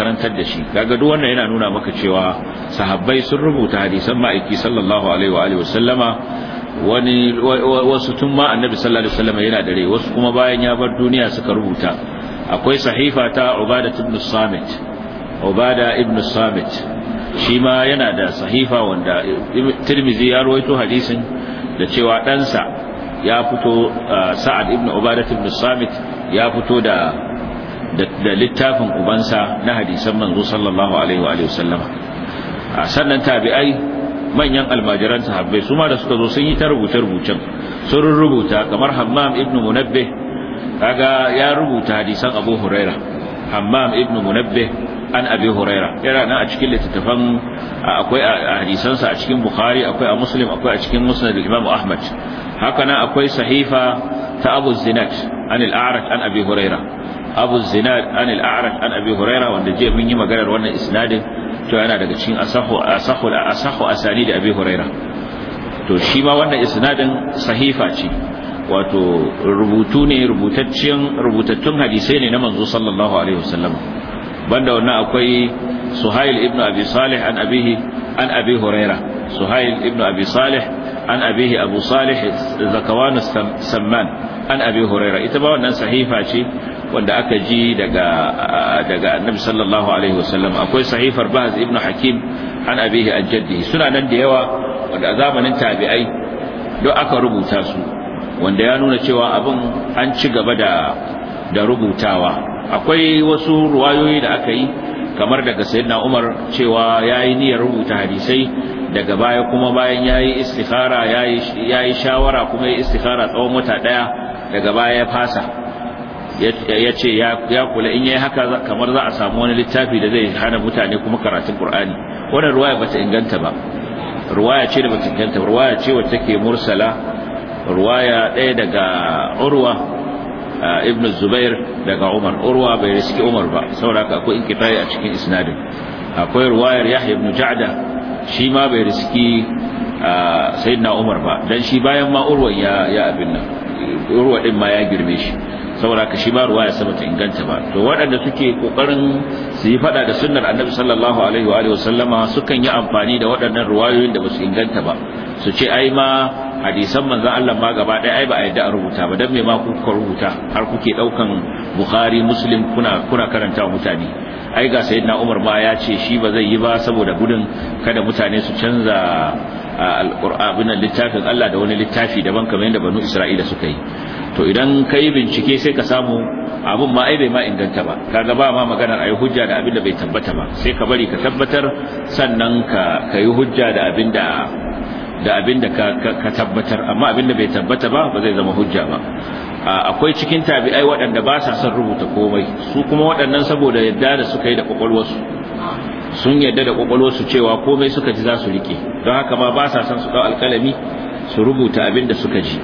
karantar da shi kaga duk wannan yana nuna maka cewa sahabbai sun rubuta hadisan ma'aiki sallallahu alaihi wa alihi wasallama wani wasu tun ma annabi sallallahu alaihi wasallam yana dare wasu kuma bayan ya bar duniya suka rubuta akwai sahifa ta Obada ibn Samit Ubada ibn Samit shi ma yana da sahifa wanda Tirmidhi ya rawaito hadisin da cewa ɗansa ya fito uh, Sa'ad ibn Ubada ibn Samit ya fito da da littafin ubansa na hadisan manzo sallallahu alaihi wa sallama sannan tabi'ai manyan almajiran sahabbai su ma da suka zo sun yi ta rubuce-rubucen sun rubuta kamar hammam ibn munabbe. kaga ya rubuta hadisan abu huraira hammam ibn munabbe an abi huraira yana nan a cikin littattafan akwai a hadisansa a cikin bukhari akwai a muslim akwai a cikin musnad imam ahmad haka nan akwai sahifa ta abu zinat an al'arat an abi huraira abu zinat an al'arat an abi huraira wanda je mun yi maganar wannan isnadin to yana daga cikin asahu asahu asani da abi huraira to shi wannan isnadin sahifa ce wato rubutu ne rubutattun hadisai ne na manzo sallallahu alaihi wasallam banda wannan akwai suhail ibn abi salih an abihi an abi huraira suhail ibn abi salih an abihi abu salih zakawan samman an abi huraira ita ba wannan sahifa ce wanda aka ji daga daga annabi sallallahu alaihi wasallam akwai sahifar bahz ibn hakim an abihi an jaddihi suna nan da yawa wanda a zamanin tabi'ai duk aka rubuta su wanda ya nuna cewa abin an ci gaba da da rubutawa akwai wasu ruwayoyi da aka yi kamar daga sayyidina Umar cewa yayi niyyar rubuta hadisai daga baya kuma bayan yayi istikhara yayi yayi shawara kuma yayi istikhara tsawon wata daya daga baya ya fasa ya ce ya kula in yayi haka kamar za a samu wani littafi da zai hana mutane kuma karatun Qur'ani wannan ruwaya bata inganta ba ruwaya ce da bata inganta ruwaya ce wacce take mursala ruwaya ɗaya daga Urwa ibn zubair daga umar urwa bai riski umar ba saboda haka akwai inkitai a cikin isnadin akwai ruwayar yahya ibn ja'da shi ma bai riski sayyidina umar ba dan shi bayan ma urwan ya ya abin nan urwa din ma ya girme shi saboda haka shi ba ruwaya sama ta inganta ba to waɗanda suke kokarin su yi fada da sunnar annabi sallallahu alaihi wa alihi wasallama sukan yi amfani da waɗannan ruwayoyin da ba su inganta ba su ce ai ma hadisan manzon Allah ma gaba ɗaya ai ba a yadda rubuta ba dan me ma kuka rubuta har kuke daukan bukhari muslim kuna kuna karanta mutane ai ga sayyidina umar ma ya ce shi ba zai yi ba saboda gudun kada mutane su canza alqur'anin littafin Allah da wani littafi daban kamar yadda banu isra'ila suka yi to idan kai bincike sai ka samu abun ma ai bai ma inganta ba kaga ba ma maganar ai hujja da abin da bai tabbata ba sai ka bari ka tabbatar sannan ka kai hujja da abin da da abin da ka tabbatar amma abin da bai tabbata ba ba zai zama hujja ba akwai cikin tabi'ai waɗanda ba sa son rubuta komai su kuma waɗannan saboda yadda da suka yi da su sun yadda da kwakwalwarsu cewa komai suka ji za su rike don haka ma ba sa son su ɗau alƙalami su rubuta abin da suka ji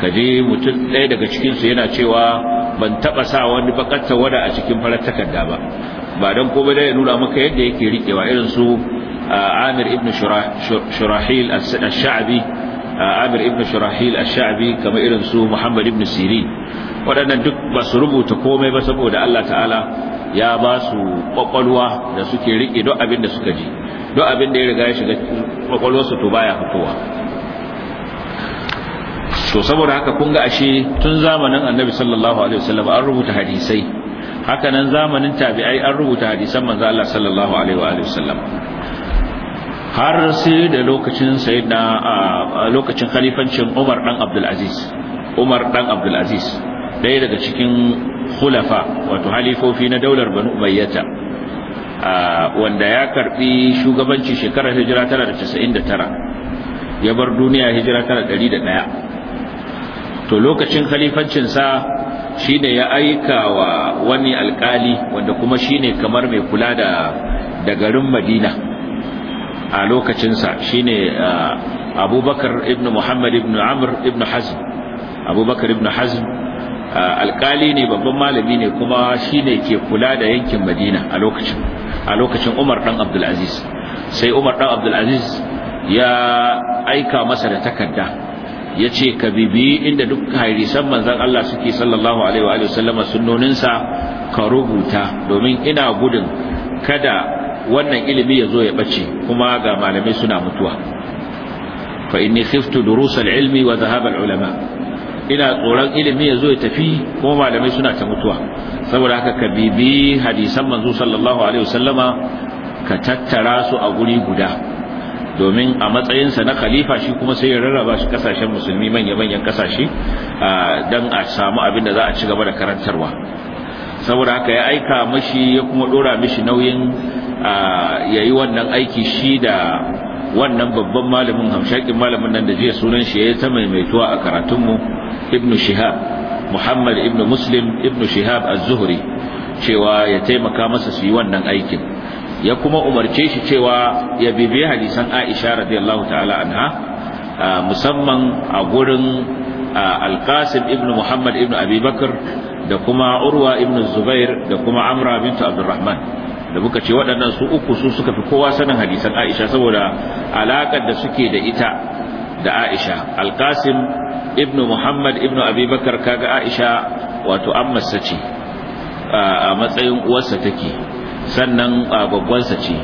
ka je mutum ɗaya daga cikinsu yana cewa ban taɓa sa wani baƙar tawada a cikin farar takarda ba ba don komai da ya nuna maka yadda yake riƙewa irin su عامر ابن شراحيل الشعبي عامر ابن شراحيل الشعبي كما irin su Muhammad ibn Sirin waɗannan duk ba su rubuta komai ba saboda Allah ta'ala ya ba su kwakwalwa da suke rike duk abin suka ji duk abin ya riga ya shiga kwakwalwarsu to baya fitowa to saboda haka kun ga ashe tun zamanin annabi sallallahu alaihi wasallam an rubuta hadisai haka nan zamanin tabi'ai an rubuta hadisan manzo Allah sallallahu alaihi wa sallam har sai da lokacin sai a lokacin khalifancin Umar dan Abdul Aziz Umar dan Abdul Aziz ɗaya daga cikin khulafa wato halifofi na daular Banu Umayyata wanda ya karbi shugabanci shekarar hijira 999 ya bar duniya hijira 101 to lokacin khalifancin sa shine ya aika wa wani alkali wanda kuma shine kamar mai kula da da garin Madina a lokacinsa shine uh, abubakar ibn muhammad ibn amr ibn hazm abubakar ibn hazm uh, alkali ne babban malami ne kuma shine ke kula da yankin madina a lokacin a lokacin umar dan abdulaziz sai umar dan abdulaziz ya aika masa da takarda ya ce ka bibi inda duk hairisan manzan Allah suke sallallahu alaihi wa sallama sunnoninsa ka rubuta domin ina gudun kada wannan ilimi ya zo ya bace kuma ga malamai suna mutuwa fa inni khiftu ilmi wa ulama ina tsoron ilimi ya zo ya tafi kuma malamai suna ta mutuwa saboda haka ka bibi hadisan manzo sallallahu alaihi wasallama ka tattara su a guri guda domin a matsayinsa na khalifa shi kuma sai ya rarraba shi kasashen musulmi manya-manyan kasashe don a samu abin da za a ci gaba da karantarwa saboda haka ya aika mashi ya kuma dora mishi nauyin yi wannan aiki shi da wannan babban malamin hamshakin malamin nan da jiya sunan shi yayi ta maimaituwa a karatunmu ibnu shihab muhammad ibnu muslim ibnu shihab az-zuhri cewa ya taimaka masa su yi wannan aikin ya kuma umarce shi cewa ya bibiye hadisan aisha radiyallahu ta'ala anha musamman a gurin alqasim ibnu muhammad ibnu abi da kuma urwa Ibn zubair da kuma amra bintu abdurrahman da muka ce waɗannan su uku su suka fi kowa sanin hadisan aisha saboda alaƙar da suke da ita da aisha Alƙasim Ibn muhammad Ibn abi kaga aisha wato ammarsa ce a matsayin uwarsa take sannan babbansa ce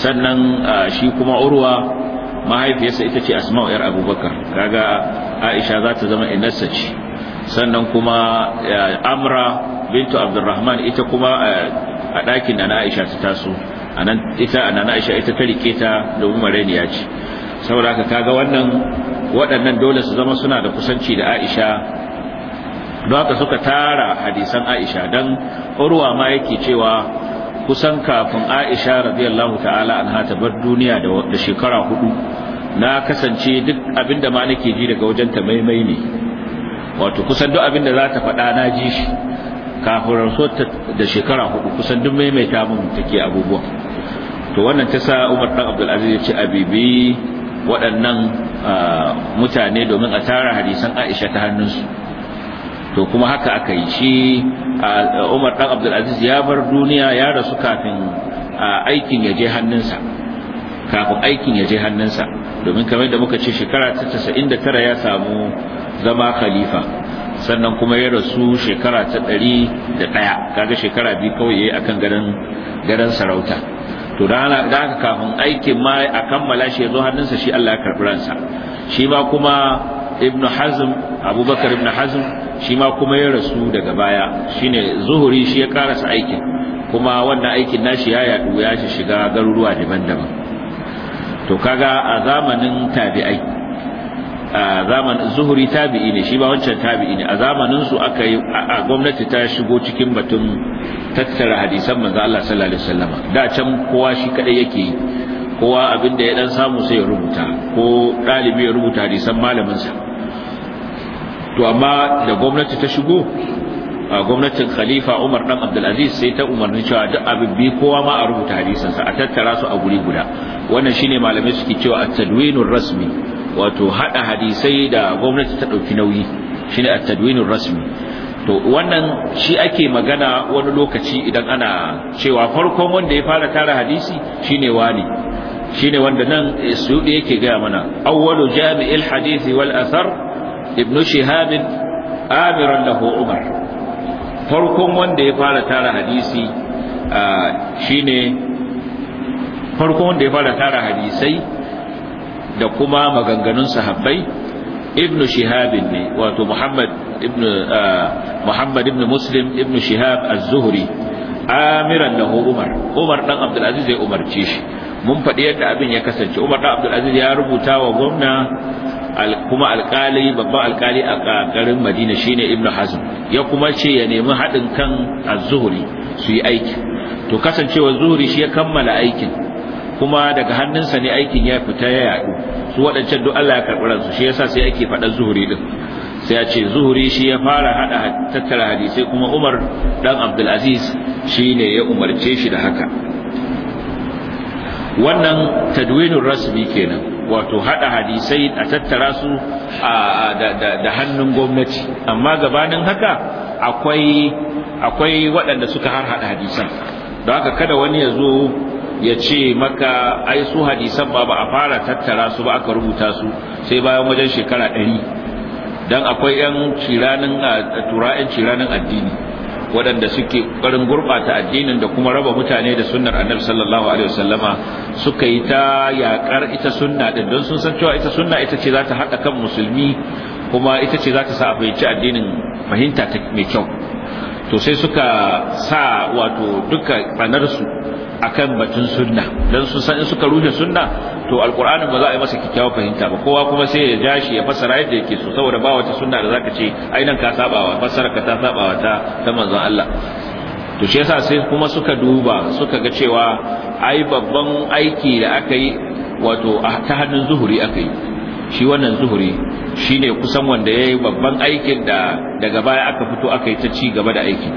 sannan shi kuma urwa mahaifiyarsa ita ce asma'u yar abubakar kaga aisha za ta zama inarsa ce sannan kuma amra bintu Abdulrahman ita kuma eh, a ɗakin da na aisha ta taso ita a na aisha ita ta rike ta domin mareniya ce saboda haka kaga wannan waɗannan dole su zama suna da kusanci da aisha don haka suka tara hadisan aisha don urwa ma yake cewa kusan kafin Aisha radiyallahu ta'ala an ta bar duniya da shekara hudu na kasance duk abinda ma nake ji daga wajen ta maimai ne wato kusan duk abinda za ta faɗa na ji shi kafin rasuwar da shekara hudu kusan duk maimaita mun take abubuwa. to wannan ta sa Umar dan Abdul Aziz ya ce a abibi waɗannan ah, mutane domin a tara hadisan Aisha ta hannunsu to kuma haka aka yi shi Umar dan Abdulaziz ya bar duniya ya rasu kafin aikin ya je hannunsa kafin aikin ya je hannunsa domin kamar da muka ce shekara ta 99 ya samu zama khalifa sannan kuma ya rasu shekara ta 101 kaga shekara biyu kawai yi akan garin garin sarauta to da haka kafin aikin ma a kammala shi ya zo hannunsa shi Allah ya karbi ransa shi ma kuma ibn hazm abubakar ibn hazm shi ma kuma ya rasu daga baya shine zuhuri shi ya karasa aikin kuma wannan aikin nashi ya yadu ya shiga garuruwa daban-daban to kaga a zamanin tabi'ai a zamanin zuhuri tabi'i ne shi ba wancan tabi'i ne a zamanin su aka yi a gwamnati ta shigo cikin batun tattara hadisan manzo Allah sallallahu alaihi wasallam da can kowa shi kadai yake yi kowa abin da ya dan samu sai ya rubuta ko dalibi ya rubuta hadisan malamin sa to amma da gwamnati ta shigo a gwamnatin khalifa umar dan abdulaziz sai ta umarni cewa duk abin bi kowa ma a rubuta sa a tattara su a guri guda wannan shine malamai suke cewa at-tadwinur rasmi wato hada hadisai da gwamnati ta dauki nauyi shine at-tadwinur rasmi to wannan shi ake magana wani lokaci idan ana cewa farkon wanda ya fara tara hadisi shine wani shine wanda nan da yake gaya mana awwalu jami'il hadisi wal athar ibn shihab amiran lahu umar farkon wanda ya fara tara hadisi shine farkon wanda ya fara tara hadisai da kuma maganganun sahabbai ibn shihab ne wato muhammad ibn muslim ibn shihab az-zuhri amiran lahu umar umar dan abdul aziz umarce shi mun faɗi yadda abin ya kasance umar dan abdul ya rubuta wa gwamna kuma alkali babban alkali a garin madina shine ibn hazm ya kuma ce ya nemi haɗin kan azuhuri su yi aiki to kasancewa zuhuri shi ya kammala aikin kuma daga hannunsa ne aikin ya fita ya yaɗu su waɗancan duk Allah ya karɓi ransu shi sa sai ake faɗar zuhuri ɗin sai ya ce zuhuri shi ya fara haɗa tattara hadisai kuma umar ɗan abdulaziz shi ne ya umarce shi da haka wannan tadwinul rasmi kenan wato hada hadisai a tattara su da hannun gwamnati amma gabanin haka akwai akwai waɗanda suka har hada hadisan don haka kada wani ya zo ya ce maka ai su hadisan ba ba a fara tattara su ba aka rubuta su sai bayan wajen shekara ɗari don akwai 'yan ciranin turayen ciranin addini waɗanda suke ƙarin gurɓata addinin da kuma raba mutane da sunnar annabi sallallahu alaihi wasallama suka yi ta yaƙar ita sunna ɗin don sun san cewa ita sunna ita ce za ta haɗa kan musulmi kuma ita ce za ta sa a fahimci addinin fahimta mai kyau to sai suka sa wato duka ƙanarsu. akan batun sunna dan su san in suka rushe sunna to alqur'ani ba za a yi masa kyakkyawar fahimta ba kowa kuma sai ya jashi ya fassara yadda yake so saboda ba wata sunna da zaka ce ai nan ka sabawa fassara ka ta sabawa ta ta manzon Allah to shi yasa sai kuma suka duba suka ga cewa ai babban aiki da aka yi wato ta hannun zuhuri aka yi shi wannan zuhuri shine kusan wanda yayi babban aikin da daga baya aka fito aka yi ta ci gaba da aiki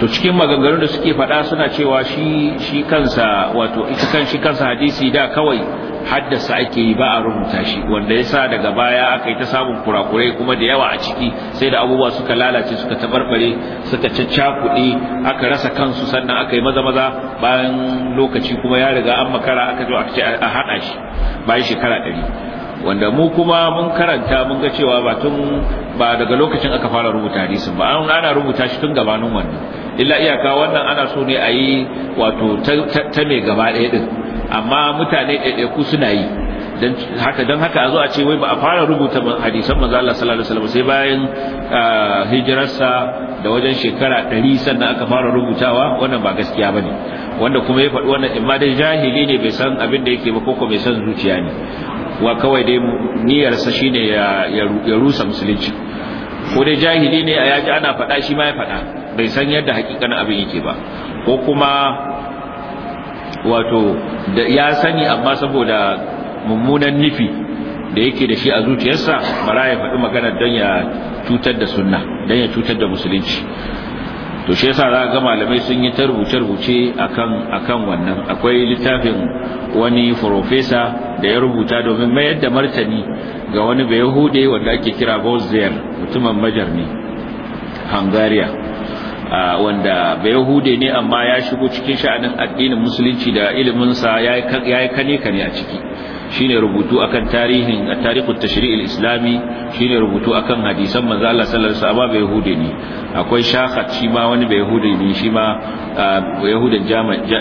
to cikin maganganun da suke faɗa suna cewa shi shi kansa wato ita kan shi kansa hadisi da kawai haddasa ake yi ba a rubuta shi wanda yasa daga baya aka yi ta samun kurakurai kuma da yawa a ciki sai da abubuwa suka lalace suka tabarbare suka caccakuɗe aka rasa kansu sannan aka yi maza maza bayan lokaci kuma ya riga an makara aka zo a haɗa shi bayan shekara ɗari wanda mu kuma mun karanta mun ga cewa ba tun ba daga lokacin aka fara rubuta hadisin ba ana rubuta shi tun gabanin wannan illa iyaka wannan ana so ne a yi wato ta mai gaba ɗaya ɗin amma mutane ɗaiɗaiku suna yi haka don haka a zo a ce wai ba a fara rubuta hadisan manzo Allah sallallahu alaihi wasallam sai bayan ah, hijirarsa da wajen shekara ɗari sannan aka fara rubutawa wannan ba gaskiya bane wanda kuma ya faɗi wannan imma dai jahili ne bai san abin da yake ba ko ko bai san zuciya ne wa kawai dai niyyarsa shine ya ya rusa musulunci ko dai jahili ne a yaki ana faɗa shi ma ya faɗa bai san yadda hakikanin abin yake ba ko kuma wato ya sani amma saboda mummunan nufi da yake da shi a zuciyarsa bara ya faɗi magana don ya cutar da sunna don ya cutar da musulunci to shi yasa za ga malamai sun yi ta rubuce-rubuce akan akan wannan akwai littafin wani profesa da ya rubuta domin mayar da martani ga wani bai hude wanda ake kira Bozier mutumin majar ne Hungaria wanda bai hude ne amma ya shigo cikin sha'anin addinin musulunci da iliminsa ya yi kane-kane a ciki shine rubutu akan tarihin at-tarikhut tashri'il islami shine rubutu akan hadisan manzo Allah sallallahu alaihi wasallam yahude ne akwai shakhat shi ma wani bai yahude ne shi ma yahudan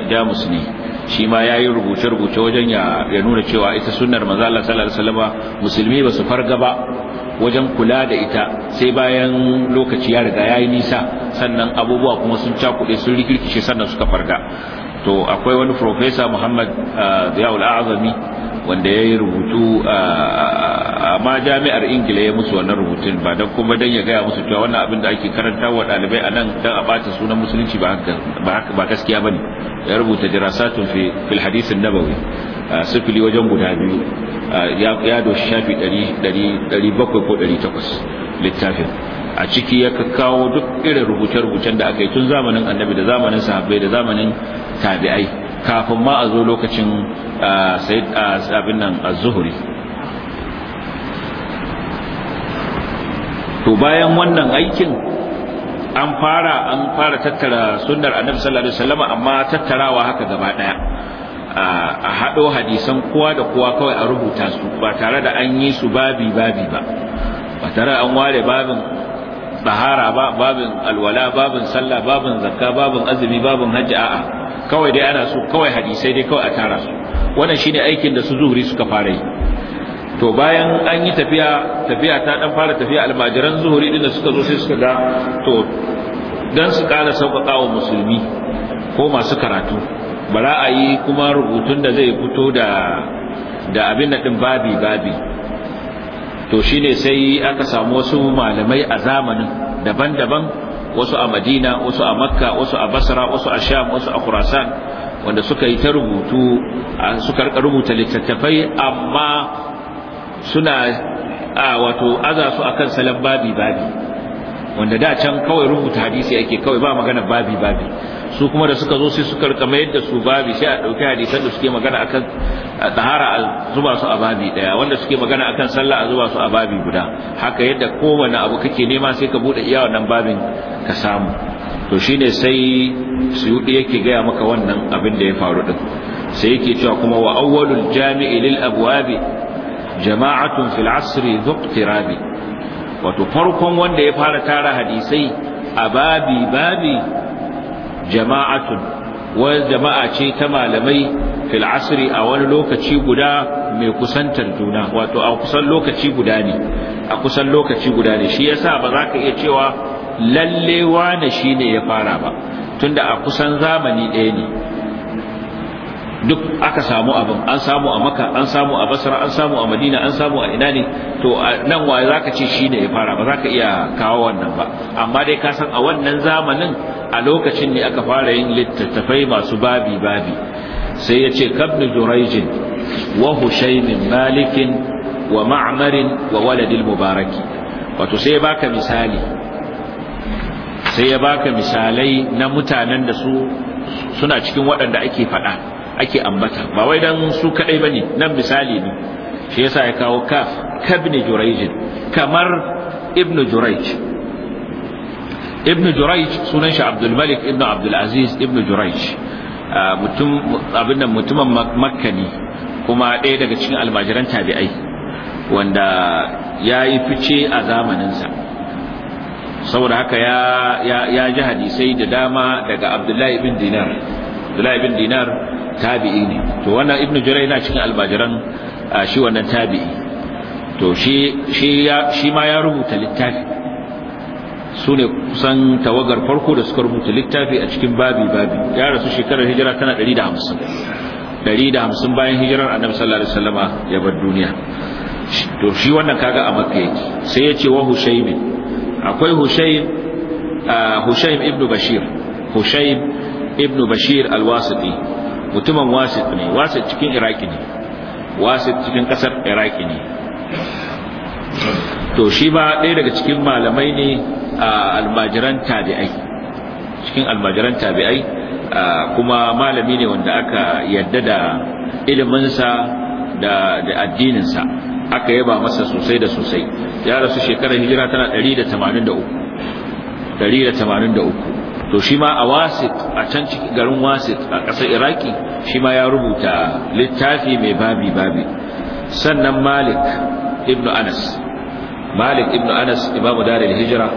jamus ne shi ma yayi rubuce rubuce wajen ya nuna cewa ita sunnar manzo Allah sallallahu alaihi wasallam musulmi ba su farga ba wajen kula da ita sai bayan lokaci ya riga yayi nisa sannan abubuwa kuma sun cakuɗe sun rikirkice sannan suka farga to akwai wani professor Muhammad Ziyaul Azami wanda ya yi rubutu amma jami'ar ingila ya musu wannan rubutun ba don kuma don ya gaya musu cewa wannan abin da ake karanta wa ɗalibai a nan don a bata sunan musulunci ba gaskiya ba ne ya rubuta dirasatun fil hadisin nabawi sifili wajen guda biyu ya doshi shafi 700 ko 800 littafin a ciki ya kawo duk irin rubuce-rubucen da aka yi tun zamanin annabi da zamanin sahabbai da zamanin tabi'ai kafin ma a zo lokacin abin nan az-zuhri to bayan wannan aikin an fara an fara tattara sunnar annabi sallallahu alaihi wasallam amma tattarawa haka gaba daya a haɗo hadisan kowa da kowa kawai a rubuta su ba tare da an yi su babi babi ba ba tare an ware babin tsahara ba babin alwala babin sallah babin zakka babin azumi babin hajji a'a kawai dai ana so kawai hadisai dai kawai a tara su wannan shine aikin da su zuhuri suka fara yi to bayan an yi tafiya tafiya ta dan fara tafiya almajiran zuhuri din da suka zo sai suka ga to dan su kara sauƙaƙa wa musulmi ko masu karatu bara a yi kuma rubutun da zai fito da da abin da din babi babi to shine sai aka samu wasu malamai a zamanin daban-daban wasu a madina wasu a makka wasu a basra wasu a sham wasu a khurasan wanda suka yi ta rubutu suka rika rubuta littattafai amma suna wato aza su akan salon babi babi wanda da can kawai rubuta hadisi ake kawai ba magana babi babi su kuma da suka zo sai suka rika mayar da su babi sai a ɗauki hadisan da suke magana akan tahara a zuba su a babi ɗaya wanda suke magana akan sallah a zuba su a babi guda haka yadda kowane abu kake nema sai ka buɗe iya wannan babin ka samu to shine sai suyudi yake gaya maka wannan abin da ya faru din sai yake cewa kuma wa awwalul jami'i lil abwabi jama'atun fil asri dhuqtirabi wato farkon wanda ya fara tara hadisai a babi babi jama'atun wa jama'a ce ta malamai fil asri a wani lokaci guda mai kusantar juna wato a kusan lokaci guda ne a kusan lokaci guda ne shi yasa ba za ka iya cewa lalle shi ne ya fara ba tunda a kusan zamani ɗaya ne duk aka samu abin an samu a maka an samu a basra an samu a madina an samu a ina ne to nan za ka ce shi ne ya fara ba za ka iya kawo wannan ba amma dai ka san a wannan zamanin a lokacin ne aka fara yin littattafai masu babi babi sai ya ce kabnu jurajin wa hushaymin malikin wa ma'amarin wa waladil mubaraki wato sai ya baka misali sai ya baka misalai na mutanen da su suna cikin waɗanda ake faɗa ake ambata ba wai dan su kadai bane nan misali ne shi yasa ya kawo kaf kabni jurayj kamar Ibn jurayj Ibn jurayj sunan shi abdul malik ibn abdul aziz ibn jurayj ah, mutum abin nan mutumin makka ne kuma ɗaya daga cikin almajiran tabi'ai wanda ya yi fice a zamaninsa saboda haka ya, ya, ji hadisai da dama daga abdullahi bin dinar abdullahi bin dinar tabi'i ne to wannan ibnu jurai yana cikin albajiran shi wannan tabi'i to shi ma ya rubuta littafi su ne kusan tawagar farko da suka rubuta littafi a cikin babi babi ya rasu shekarar hijira tana 150 150 bayan hijirar annabi sallallahu alaihi wasallama ya bar duniya to shi wannan kaga a makka yake sai ya ce wa hushayb akwai hushayb hushayb ibnu bashir hushayb ibnu bashir al-wasiti mutumin wasit ne wasit cikin iraki ne wasit cikin kasar iraki ne to shi ba ɗaya daga cikin malamai ne a almajiran tabi'ai cikin almajiran tabi'ai kuma malami ne wanda aka yadda da iliminsa da addininsa aka yaba masa sosai da sosai ya rasu shekarar hijira tana 183 183 to shi ma a wasit a can garin wasit a ƙasar iraki shi ma ya rubuta littafi mai babi babi sannan malik ibnu anas malik ibnu anas imamu daril hijira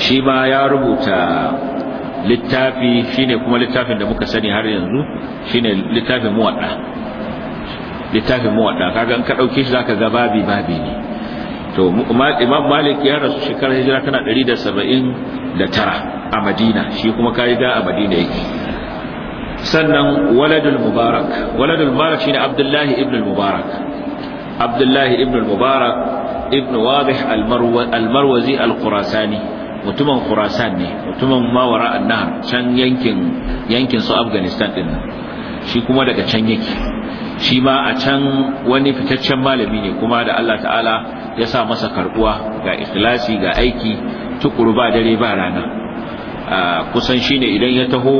shi ma ya rubuta littafi shine kuma littafin da muka sani har yanzu shine littafin muwadda littafin muwadda kaga in ka dauke shi zaka ga babi babi ne to imam malik ya rasu shekarar hijira tana da da saba'in tara a madina shi kuma ka riga a madina yake sannan waladul mubarak waladul mubarak shine abdullahi ibn mubarak abdullahi ibn mubarak ibn wadih al-marwazi al-qurasani mutumin khurasan ne mutumin mawara an-nahar can yankin yankin su afghanistan din nan shi kuma daga can yake shi ma a can wani fitaccen malami ne kuma da Allah ta'ala ya sa masa karbuwa ga ikhlasi ga aiki tukuru ba dare ba rana kusan shi ne idan ya taho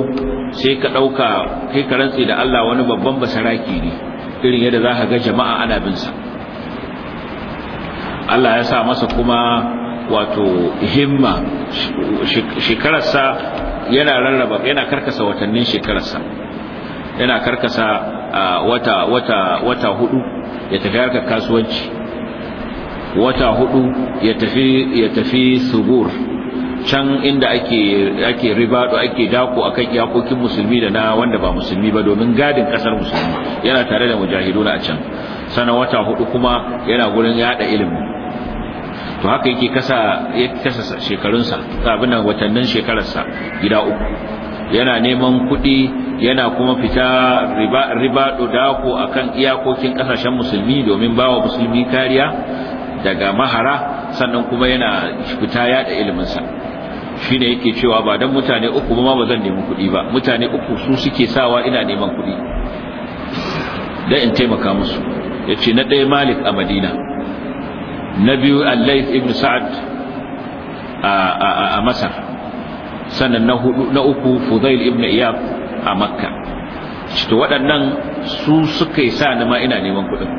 sai ka ɗauka kai ka rantse da Allah wani babban basaraki ne irin yadda za ka ga jama'a ana bin sa Allah ya sa masa kuma wato himma shekararsa yana rarraba yana karkasa watannin shekararsa yana karkasa wata wata wata hudu ya tafi harkar kasuwanci wata hudu ya tafi ya tafi subur can inda ake ake do ake dako akan iyakokin musulmi da na wanda ba musulmi ba domin gadin kasar musulmi yana tare da mujahiduna a can sana wata hudu kuma yana gurin yada ilimi to haka yake kasa ya kasa shekarunsa abin nan watannin shekararsa gida uku yana neman kuɗi yana kuma fita riba riba dako akan iyakokin kasashen musulmi domin bawa musulmi kariya daga mahara sannan kuma yana fita yada ilimin sa ne yake cewa ba dan mutane uku ba ba zan nemi kuɗi ba mutane uku su suke sawa ina neman kuɗi Da in taimaka musu yace na ɗaya Malik a Madina na biyu al ibn Sa'ad a Masar sannan na uku Fudail ibn Iyad a makka to waɗannan su suka yi sa ni ma ina neman kuɗin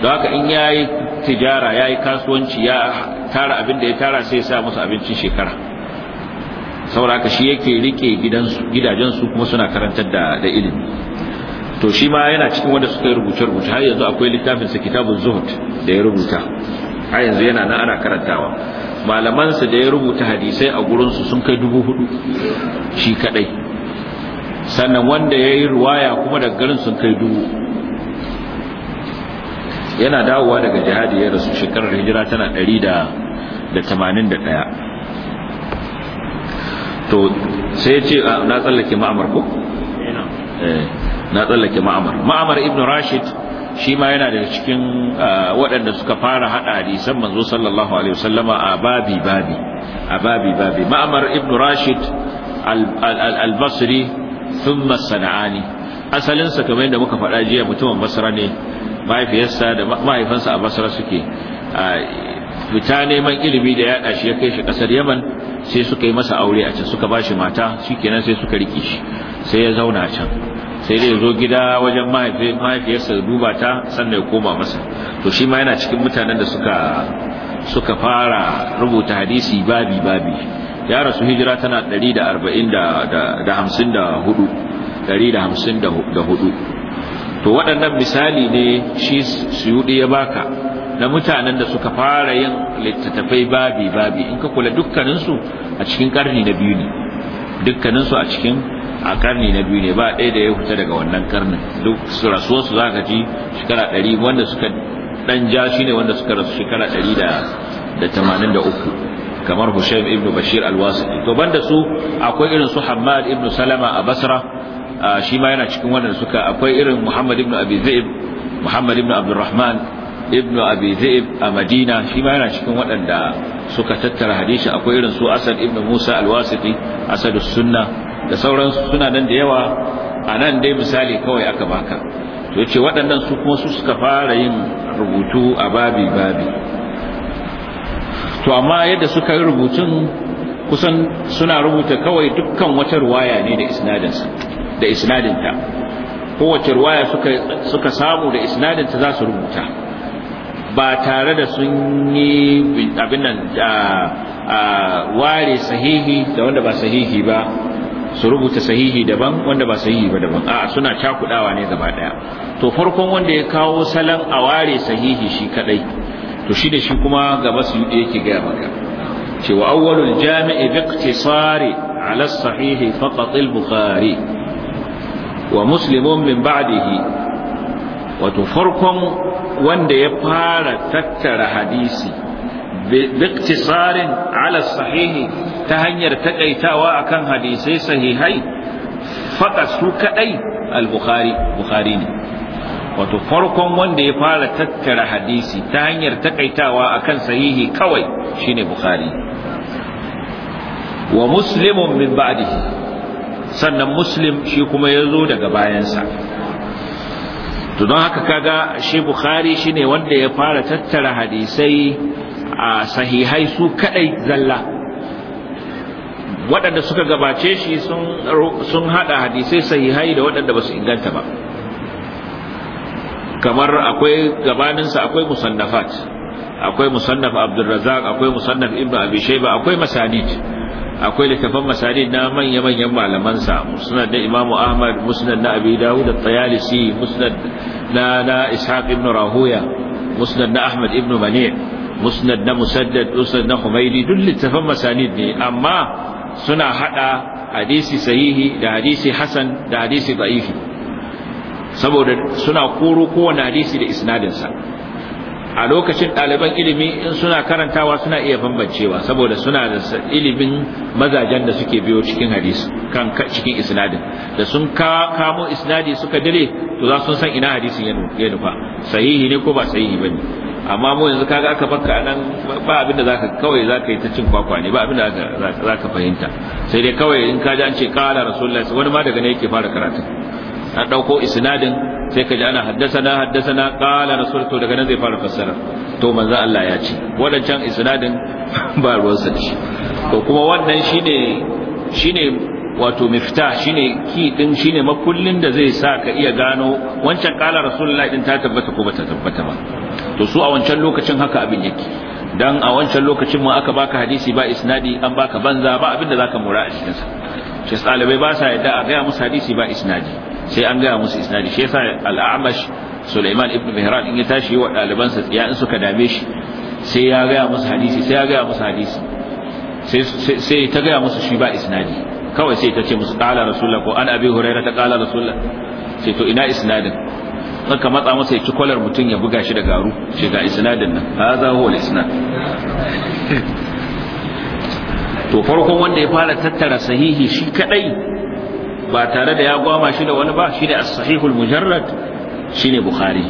don haka in ya yi tijara ya yi kasuwanci ya tara abin da ya tara sai ya sa musu abincin shekara saboda haka shi yake rike gidajensu kuma suna karantar da ilimi to shi ma yana cikin wanda suka yi rubuce-rubuce har yanzu akwai littafinsa kitabun zuhud da ya rubuta har yanzu yana nan ana karantawa malamansa da ya rubuta hadisai a gurinsu sun kai dubu hudu shi kadai sannan wanda ya yi ruwaya kuma daga garin sun kai dubu yana dawowa daga jihadi ya rasu shekarar hijira tana ɗari da da tamanin ɗaya. to sai ya ce ah, na tsallake ma'amar ko? Eh, na tsallake ma'amar ma'amar ibn rashid shi ma yana daga cikin ah, waɗanda suka fara haɗa a hadisan manzo sallallahu alaihi wasallama a babi babi a babi babi ma'amar ibn rashid al-basri ثم sana'ani asalin sa kamar yadda muka faɗa jiya mutumin basra ne mahaifiyarsa da mahaifansa a basra suke fita neman ilimi da yaɗa shi ya kai shi ƙasar yaman sai suka yi masa aure a can suka bashi mata shikenan sai suka rike shi sai ya zauna a can sai dai zo gida wajen mahaifiyarsa duba ta sannan ya koma masa to shi ma yana cikin mutanen da suka suka fara rubuta hadisi babi babi ya rasu hijira tana da hudu. to waɗannan misali ne shi suyuɗi ya baka na mutanen da suka fara yin littattafai babi babi in ka kula dukkaninsu a cikin ƙarni na biyu ne dukkaninsu a cikin a karni na biyu ne ba ɗaya da ya huta daga wannan karnin duk su rasuwa su ka ji shekara ɗari wanda suka ɗan ja shi ne wanda suka rasu shekara ɗari da tamanin da uku kamar Hushaym ibn Bashir al-Wasiti to banda su akwai irin su Hammad ibn Salama a Basra shi ma yana cikin waɗanda suka akwai irin Muhammad ibn Abi Zaib Muhammad ibn Abdurrahman ibn Abi Zaib a Madina shi ma yana cikin waɗanda suka tattara hadisi akwai irin su Asad ibn Musa al-Wasiti Asadus Sunna da sauran suna nan da yawa a nan dai misali kawai aka baka to yace waɗannan su kuma su suka fara yin rubutu a babi babi to amma yadda suka yi rubutun kusan suna rubuta kawai dukkan wata ruwaya ne da isnadinsa da isnadinta kowace ruwaya suka suka samu da isnadinta za su rubuta ba tare da sun yi abin nan ware sahihi da wanda ba sahihi ba su rubuta sahihi daban wanda ba sahihi ba daban a'a suna cakudawa ne gaba daya to farkon wanda ya kawo salon a ware sahihi shi kadai to shi shi kuma gaba su yake gaya maka cewa awwalul jami'i bi iqtisari ala sahih faqat wa muslimun min ba'dihi wa to farkon wanda ya fara tattara hadisi bi iqtisari ala sahihi ta hanyar takaitawa akan hadisai sahihai faqat su kadai al bukhari ne wato farkon wanda ya fara tattara hadisi ta hanyar takaitawa a kan sahihi kawai shine bukhari wa muslimun min ba'dihi sannan muslim shi kuma ya zo daga bayansa to don haka kaga shi bukhari shine wanda ya fara tattara hadisai a sahihai su kadai zalla waɗanda suka gabace shi sun haɗa hadisai sahihai da waɗanda ba su inganta ba kamar akwai gabaninsa akwai musannafat akwai musannaf abdulrazak akwai musannaf Ibnu abi shayba akwai masanid akwai littafan masanid na manya manyan malaman sa musnad da imamu ahmad musnad na abi dawud at-tayalisi musnad na na ishaq Ibnu rahuya musnad na ahmad Ibnu mani' musnad na musaddad musnad na humaydi duk littafan masanid ne amma suna hada hadisi sahihi da hadisi hasan da hadisi da'ifi saboda suna koro kowane hadisi da isnadinsa a lokacin ɗaliban ilimi in suna karantawa suna iya bambancewa saboda suna da ilimin mazajen da suke biyo cikin hadisi kan cikin isnadin da sun kamo isnadi suka dare to za sun san ina hadisin ya nufa sahihi ne ko ba sahihi ne amma mu yanzu kaga aka baka nan ba abinda zaka kawai zaka yi ta cin kwakwa ne ba abinda zaka zaka fahimta sai dai kawai in ka ji an ce qala rasulullahi wani ma daga ne yake fara karatu an ɗauko isnadin sai ka ji ana haddasana haddasana ƙala rasul to daga nan zai fara fassara to manzo Allah ya ce wadancan isnadin ba ruwan da shi to kuma wannan shine shine wato miftah shine ki din shine makullin da zai sa ka iya gano wancan ƙala rasulullahi din ta tabbata ko bata tabbata ba to su a wancan lokacin haka abin yake dan a wancan lokacin mu aka baka hadisi ba isnadi an baka banza ba abin da zaka mura a cikin sa shi ɗalibai ba sa yadda a gaya musu hadisi ba isnadi sai an gaya musu isnadi shi yasa al-A'mash Sulaiman ibn Mihran in ya tashi wa ɗalibansa tsiya in suka dame shi sai ya gaya musu hadisi sai ya gaya musu hadisi sai ta gaya musu shi ba isnadi kawai sai ta ce musu qala rasulullah ko an abi hurairah ta qala rasulullah sai to ina isnadin ka matsa masa ya ci kwalar mutum ya buga shi da garu shi ga isnadin nan hadha huwa al-isnad to farkon wanda ya fara tattara sahihi shi kadai ba tare da ya gwama shi da wani ba shine as-sahihul mujarrad shine bukhari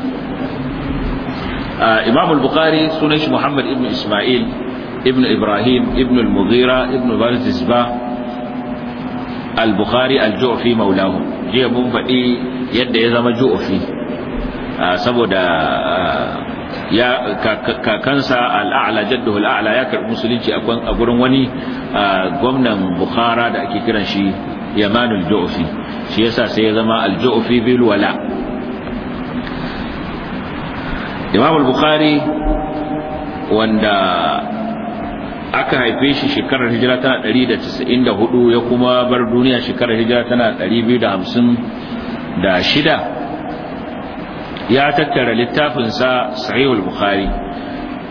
ah, imam al-bukhari sunan shi muhammad ibn isma'il ibn ibrahim ibn al-mughira ibn barzisba al bukari al-ju'fi maulahu jiya mun faɗi yadda ya zama ju'fi ah, saboda ah, ya kakansa al'a'la jaddahu al'a'la ya karbi musulunci a gurin wani gwamnan bukhara da ake kiran shi yamanul ju'fi shi yasa sai ya zama al-ju'fi bil wala bukhari wanda aka haife shi shekarar hijira tana 194 ya kuma bar duniya shekarar hijira tana 256 ya tattara littafinsa sahihul bukhari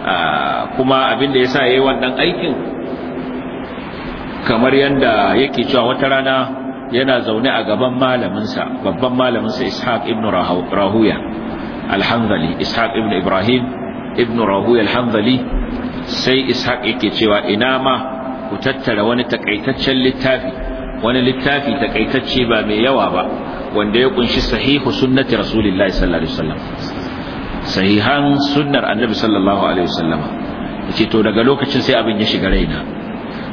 ah, kuma abinda ya yi wannan aikin kamar yadda yake cewa wata rana yana zaune a gaban malaminsa babban malaminsa ishaq ibn rahuya alhanzali ishaq ibn ibrahim ibn rahuya alhanzali sai ishaq yake cewa ina ma ku tattara wani takaitaccen littafi wani littafi takaitacce ba mai yawa ba wanda ya kunshi sahihu sunnati rasulillahi sallallahu alaihi wasallam sahihan sunnar annabi sallallahu alaihi wasallam yace to daga lokacin sai abin ya shiga raina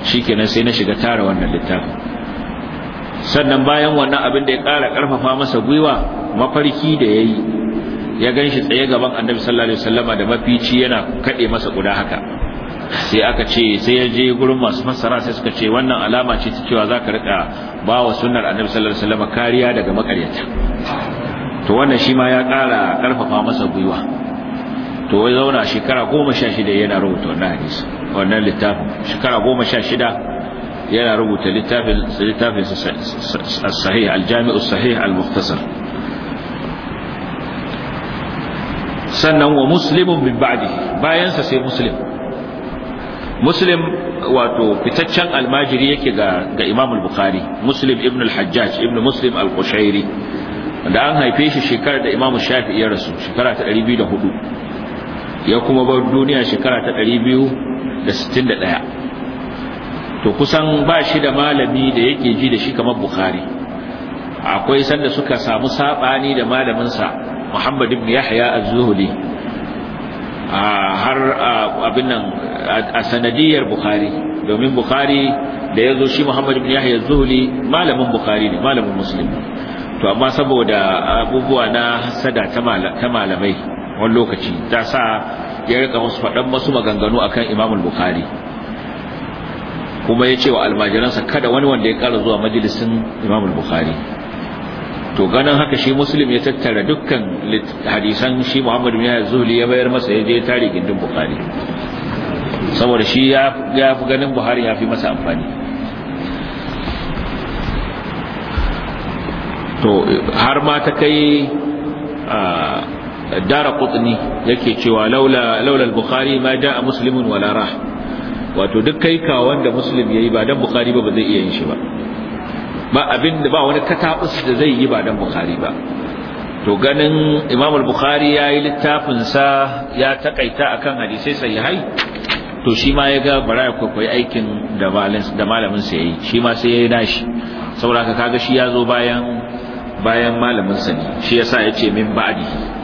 shikenan sai na shiga tara wannan littafin sannan bayan wannan abin da ya kara karfafa masa gwiwa mafarki da ya yi ya gan shi tsaye gaban annabi sallallahu alaihi wasallama da mafici yana kaɗe masa guda haka sai aka ce sai ya je gurin masu fassara sai suka ce wannan alama ce ta cewa za ka riƙa ba wa sunnar annabi sallallahu alaihi wasallama kariya daga maƙaryata to wannan shi ma ya kara karfafa masa gwiwa to ya zauna shekara goma sha shida yana rubuta wannan hadisi wannan littafin shekara goma sha shida yana rubuta littafin littafin sahih aljami'u sahih al-mukhtasar sannan wa muslimun min ba'di bayansa sai muslim muslim wato fitaccen almajiri yake ga ga imam al-bukhari muslim ibn al-hajjaj ibn muslim al-qushairi da an haife shi shekara da imam shafi'i ya rasu shekara ta 204 ya kuma bar duniya shekara ta 200 da sittin da ɗaya to kusan ba shi da malami da yake ji da shi kamar bukhari akwai sanda suka samu saɓani da malaminsa muhammad ibn yahya az-zuhli har abin nan a sanadiyar bukhari domin bukhari da ya zo shi muhammad ibn yahya zuhuli malamin bukhari ne malamin muslim to amma saboda abubuwa na hasada ta malamai wani lokaci ta sa ya rika wasu faɗan wasu maganganu akan Imam Bukhari kuma ya ce wa almajiransa kada wani wanda ya ƙara zuwa majalisin Imam Bukhari to ganin haka shi Muslim ya tattara dukkan hadisan shi Muhammad bin Zuhli ya bayar masa ya je tare gindin Bukhari saboda shi ya fi ganin Buhari ya fi masa amfani to har ma ta kai ah, dara kutsini yake cewa laula laula al-bukhari ma jaa muslimun wala rah wato duk kai ka wanda muslim yayi ba dan bukhari ba ba zai iya yin shi ba ba abin da ba wani katabus da zai yi ba dan bukhari ba to ganin imam bukhari yayi littafin sa ya takaita akan hadisai sahihai to shi ma yaga bara ya kwaikwayi aikin da malaminsa da malamin sa yayi shi ma sai yayi nashi saboda ga shi ya zo bayan bayan malamin sa ne shi yasa ce min ba'di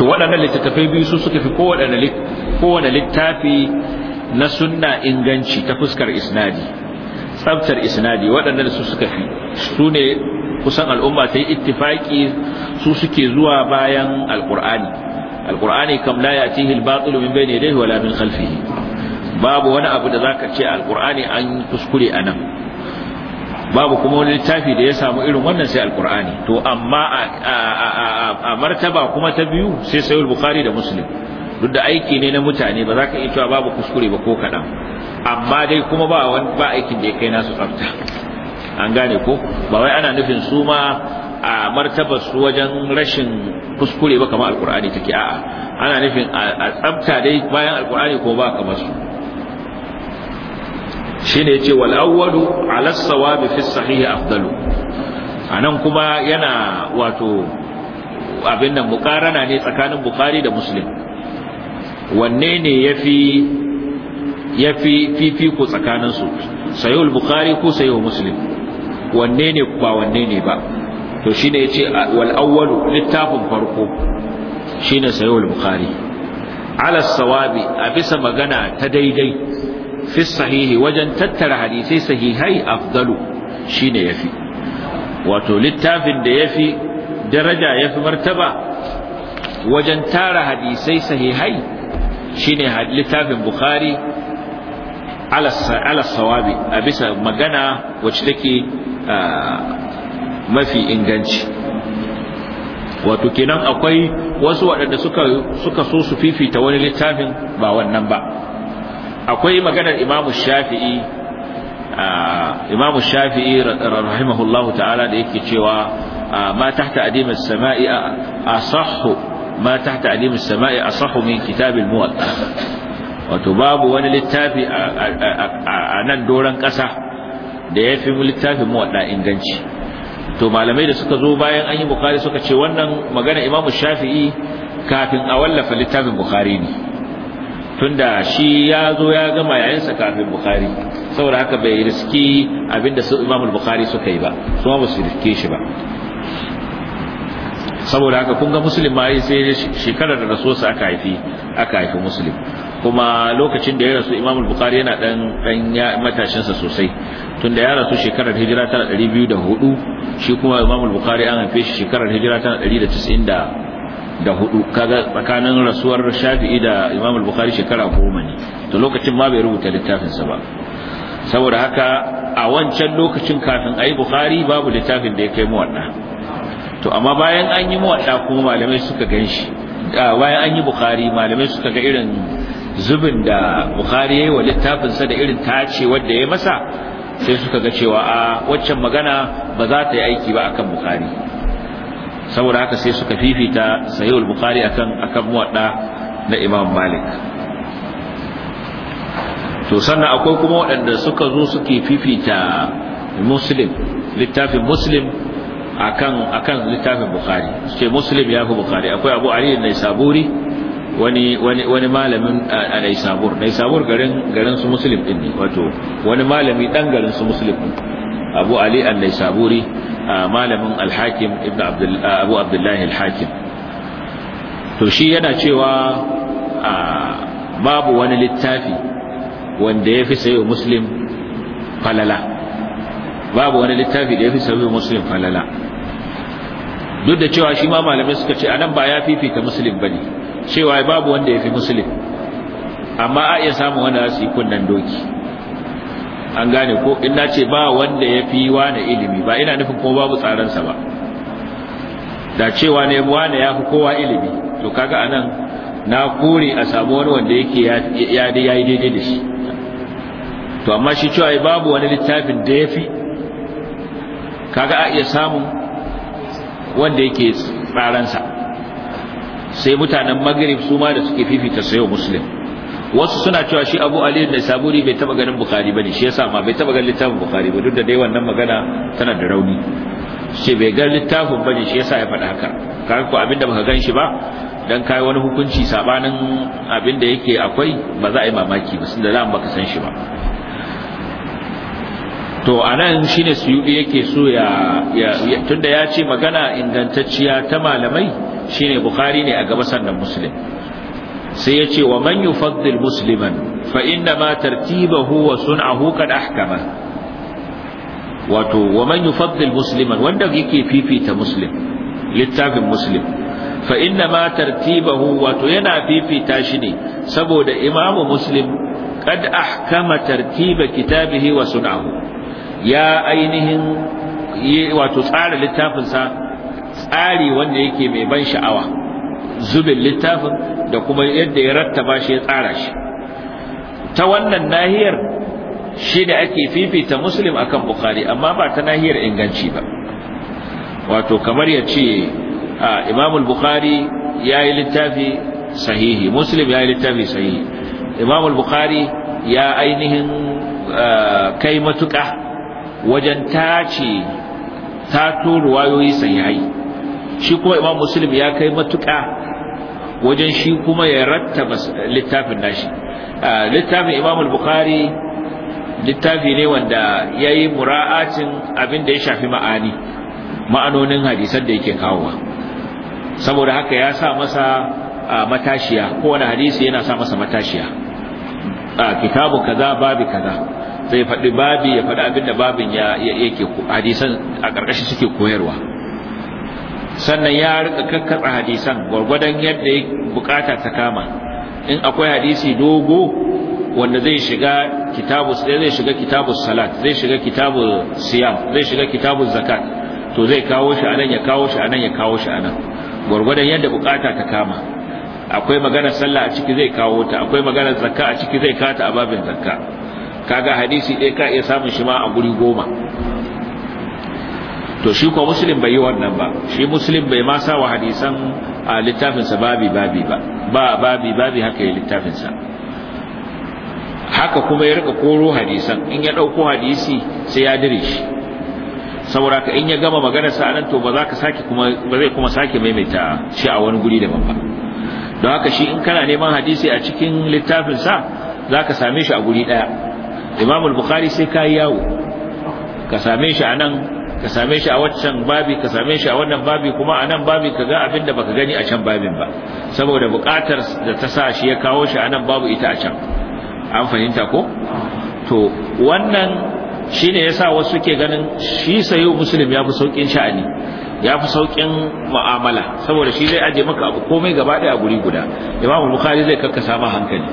to waɗannan littattafai biyu su suka fi kowane littafi na sunna inganci ta fuskar isnadi tsabtar isnadi waɗannan su suka fi su ne kusan al'umma ta yi ittifaƙi su suke zuwa bayan alƙur'ani alƙur'ani kam la ya'tihi al-batil min ne dai wala min khalfihi babu wani abu da za ka ce alƙur'ani an kuskure a nan. babu kuma wani littafi da ya samu irin wannan sai alqur'ani to amma a martaba kuma ta biyu sai sahih bukhari da muslim duk da aiki ne na mutane ba za ka iya cewa babu kuskure ba ko kaɗan amma dai kuma ba ba aikin da ya kai nasu tsafta an gane ko ba wai ana nufin su ma a martabar su wajen rashin kuskure ba kamar alkur'ani take a'a ana nufin a tsafta dai bayan alkur'ani ko ba kamar su shine yace wal awwalu ala sawabi fi sahihi afdalu anan kuma yana wato abin nan muqarana ne tsakanin bukhari da muslim wanne ne yafi yafi fifiko tsakanin su sayyul bukhari ko sayyul muslim wanne ne ba wanne ne ba to shine yace wal awwalu littafin farko shine sayyul bukhari ala sawabi a bisa magana ta daidai fi sahihi wajen tattara hadisai sahihai afdalu shine yafi wato littafin da yafi daraja yafi martaba wajen tara hadisai sahihai shine littafin bukhari ala sawabi a bisa magana wacce take mafi inganci wato kenan akwai wasu waɗanda suka suka so su fifita wani littafin ba wannan ba akwai maganar imamu shafi'i imamu shafi'i rahimahullahu ta'ala da yake cewa ma tahta sama'i a sahu ma tahta sama'i a sahu min kitabin muwatta wato babu wani littafi a nan doron ƙasa da ya fi littafin muwatta inganci to malamai da suka zo bayan an yi bukari suka ce wannan magana imamu shafi'i kafin a wallafa littafin bukari ne tunda shi ya zo ya gama yayin sa kafin bukhari saboda haka bai riski abinda su imam bukhari suka yi ba su ma su riske shi ba saboda haka kun ga muslim ma sai shekarar da rasuwarsa aka haifi aka haifi muslim kuma lokacin da ya rasu imam bukhari yana dan dan ya matashinsa sosai tunda ya rasu shekarar hijira ta 204 shi kuma imam bukhari an haife shi shekarar hijira ta da hudu kaga tsakanin rasuwar shafi'i da imam al-bukhari shekara goma ne to lokacin ma bai rubuta littafinsa ba saboda haka a wancan lokacin kafin ayi bukhari babu littafin da ya kai muwadda to amma bayan an yi muwadda kuma malamai suka ganshi bayan an yi bukhari malamai suka ga irin zubin da bukhari yayi wa littafinsa da irin tace wanda ya masa sai suka ga cewa a waccan magana ba za ta yi aiki ba akan bukhari saboda haka sai suka fifita sahihul bukhari akan akan muwadda na imam malik to sannan akwai kuma waɗanda suka zo suke fifita muslim littafin muslim akan akan littafin bukhari Suke muslim ya fi bukhari akwai abu ali ne saburi wani wani wani malamin a naisabur naisabur garin garin su muslim din ne wato wani malami dan garin su muslim abu ali al-laisaburi malamin al-hakim ibnu abu abdullahi al-hakim to shi yana cewa babu wani littafi wanda ya fi sayo muslim falala babu wani littafi da ya fi sayo muslim falala duk da cewa shi ma malamai suka ce anan ba ya fifita muslim bane cewa babu wanda ya fi muslim amma a iya samun wanda su yi kunnan doki an gane ko in na ce ba wanda ya fi wani ilimi ba ina nufin ko babu tsaransa ba da cewa ne wani ya fi kowa ilimi to kaga anan na kore a samu wani wanda yake ya yi daidai da shi to amma shi cewa babu wani littafin da ya fi kaga a iya samun wanda yake tsaransa sai mutanen magrib su ma da suke fifita sayo muslim wasu suna cewa shi abu ali da saburi bai taba ganin bukhari bane shi yasa ma bai taba ganin littafin bukhari ba duk da dai wannan magana tana da rauni shi bai ga littafin bane shi yasa ya faɗa haka kan ku abinda baka gan shi ba dan kai wani hukunci sabanin abinda yake akwai ba za a yi mamaki ba sun da za baka san shi ba to anan shine suyudi yake so ya, ya, ya tunda ya ce magana ingantacciya ta malamai shine bukhari ne a gaba sannan muslim sai ya ce wa man yufaddil musliman fa inna ma tartibahu wa sun'ahu kad ahkama wato wa man yufaddil musliman wanda yake fifita muslim littafin muslim fa inna ma tartibahu wato yana fifita shi ne saboda imamu muslim kad ahkama tartiba kitabihi wa sun'ahu ya ainihin wato tsara littafinsa tsari wanda yake mai ban sha'awa zubin littafin da kuma yadda ya rattaba shi ya tsara shi ta wannan nahiyar shi da ake fifita muslim akan bukhari amma ba ta nahiyar inganci ba wato kamar ya ce imam bukhari ya yi littafi sahihi muslim ya yi littafi sahihi imam bukhari ya ainihin kai matuƙa wajen tace tato ruwayoyi sahihai shi kuma imam muslim ya kai matuƙa wajen shi kuma ya rattaba littafin nashi littafin imam bukhari littafi ne wanda ya yi mura'acin abin da ya shafi ma'ani ma'anonin hadisan da yake kawowa saboda haka ya sa masa matashiya kowane hadisi yana sa masa matashiya kitabu kaza babi kaza zai faɗi babi ya faɗi abin da babin yake hadisan a ƙarƙashin suke koyarwa sannan ya rika kakkatsa hadisan gwargwadon yadda ya bukata ta kama in akwai hadisi dogo wanda zai shiga kitabu zai shiga kitabu salat zai shiga kitabu siyam zai shiga kitabu zakat to zai kawo shi anan ya kawo shi anan ya kawo shi anan gwargwadon yadda bukata ta kama akwai maganar sallah a ciki zai kawo ta akwai maganar zakka a ciki zai kata a babin zakka kaga hadisi ɗaya ka iya samun shi ma a guri goma to shi ko muslim bai yi wannan ba shi muslim bai ma sa wa hadisan a littafinsa babi babi ba ba babi babi haka yi littafinsa haka kuma ya rika koro hadisan in ya ɗauko hadisi sai ya dire shi saboda ka in ya gama maganar sa nan to ba za ka sake kuma ba zai kuma sake maimaita shi a wani guri daban ba don haka shi in kana neman hadisi a cikin littafin sa za ka same shi a guri ɗaya imamul bukhari sai ka yi yawo ka same shi a nan ka same shi a waccan babi ka same shi a wannan babi kuma a nan babi ka ga abin da baka gani a can babin ba saboda buƙatar da ta sa shi ya kawo shi a nan babu ita a can an fahimta ko to wannan shine yasa wasu ke ganin shi sayo muslim ya fi saukin sha'ani ya fi saukin mu'amala saboda shi zai aje maka abu komai gaba ɗaya a guri guda imamu bukhari zai kakkasa ma hankali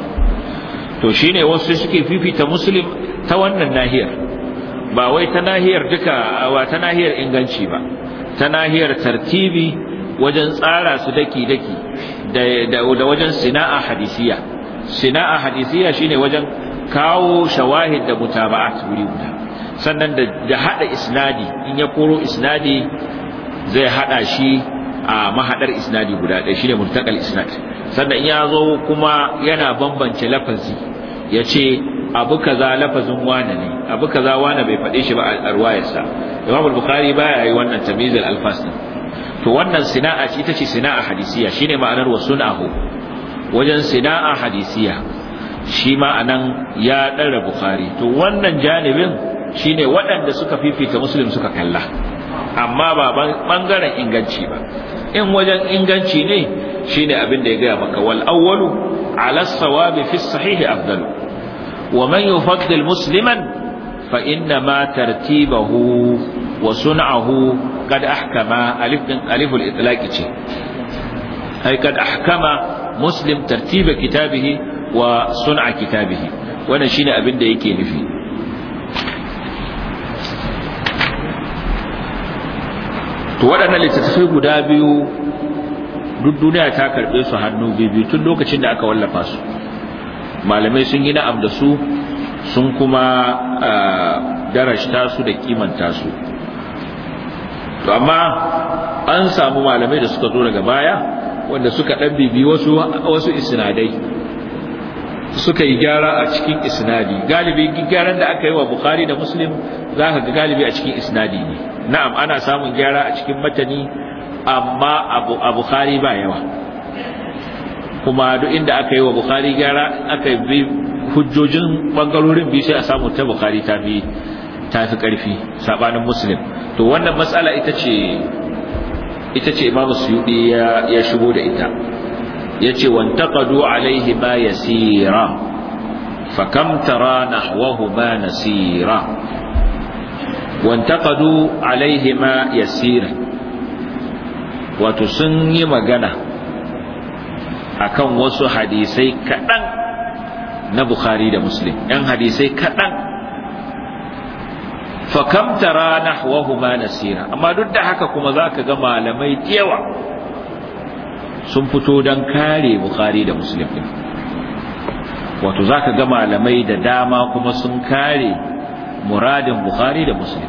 to shine wasu suke fifita muslim ta wannan nahiyar ba wai ta nahiyar duka wa ta nahiyar inganci ba ta nahiyar tartibi wajen tsara su daki daki da wajen sina'a hadisiya sina'a hadisiya shine wajen kawo shawahid da mutaba'at wuri guda sannan da hada isnadi in ya koro isnadi zai hada shi a mahadar isnadi guda ɗaya shine multaqal isnad sannan ya zo kuma yana bambance lafazi ya ce abu kaza lafazin wane ne abu kaza wane bai faɗe shi ba a ruwayarsa imam al-bukhari baya yi wannan tamizul alfas din to wannan sina'a ita ce sina'a hadisiya shine ma'anar wa sun'ahu wajen sina'a hadisiya shi ma anan ya ɗara bukhari to wannan janibin shine waɗanda suka fifita muslim suka kalla amma ba bangaren inganci ba in wajen inganci ne shine abin da ya gaya maka wal awwalu ala sawabi fi sahihi afdalu wa man yufaddil musliman fa inna ma tartibahu wa sun'ahu kad ahkama alif din aliful itlaq ce ai kad ahkama muslim tartiba kitabihi wa sun'a kitabihi wannan shine abin da yake nufi to waɗannan littattafai guda biyu duk duniya ta karɓe su hannu biyu tun lokacin da aka wallafa su malamai sun yi na'am da su sun kuma darashta su da kimanta su to amma an samu malamai da suka zo daga baya wanda suka ɗan bibi wasu wasu isnadai suka yi gyara a cikin isnadi galibi gyaran da aka yi wa bukhari da muslim za ka ga galibi a cikin isnadi ne na'am ana samun gyara a cikin matani amma a bukhari ba yawa kuma duk inda aka yi wa bukhari gyara aka bi hujjojin bangarorin biyu sai a samu ta bukhari ta fi ta fi karfi sabanin muslim to wannan matsala ita ce ita ce imamu suyudi ya ya shigo da ita yace wantaqadu alaihi ma yasira fakam tara nahwahu ma nasira wantaqadu alaihima yasira wato sun yi magana akan wasu hadisai kaɗan na bukhari da muslim yan hadisai kaɗan fakam tara nahwahuma nasira amma duk da haka kuma za ka ga malamai yawa sun fito don kare bukhari da muslim wato za ka ga malamai da dama kuma sun kare muradin bukhari da muslim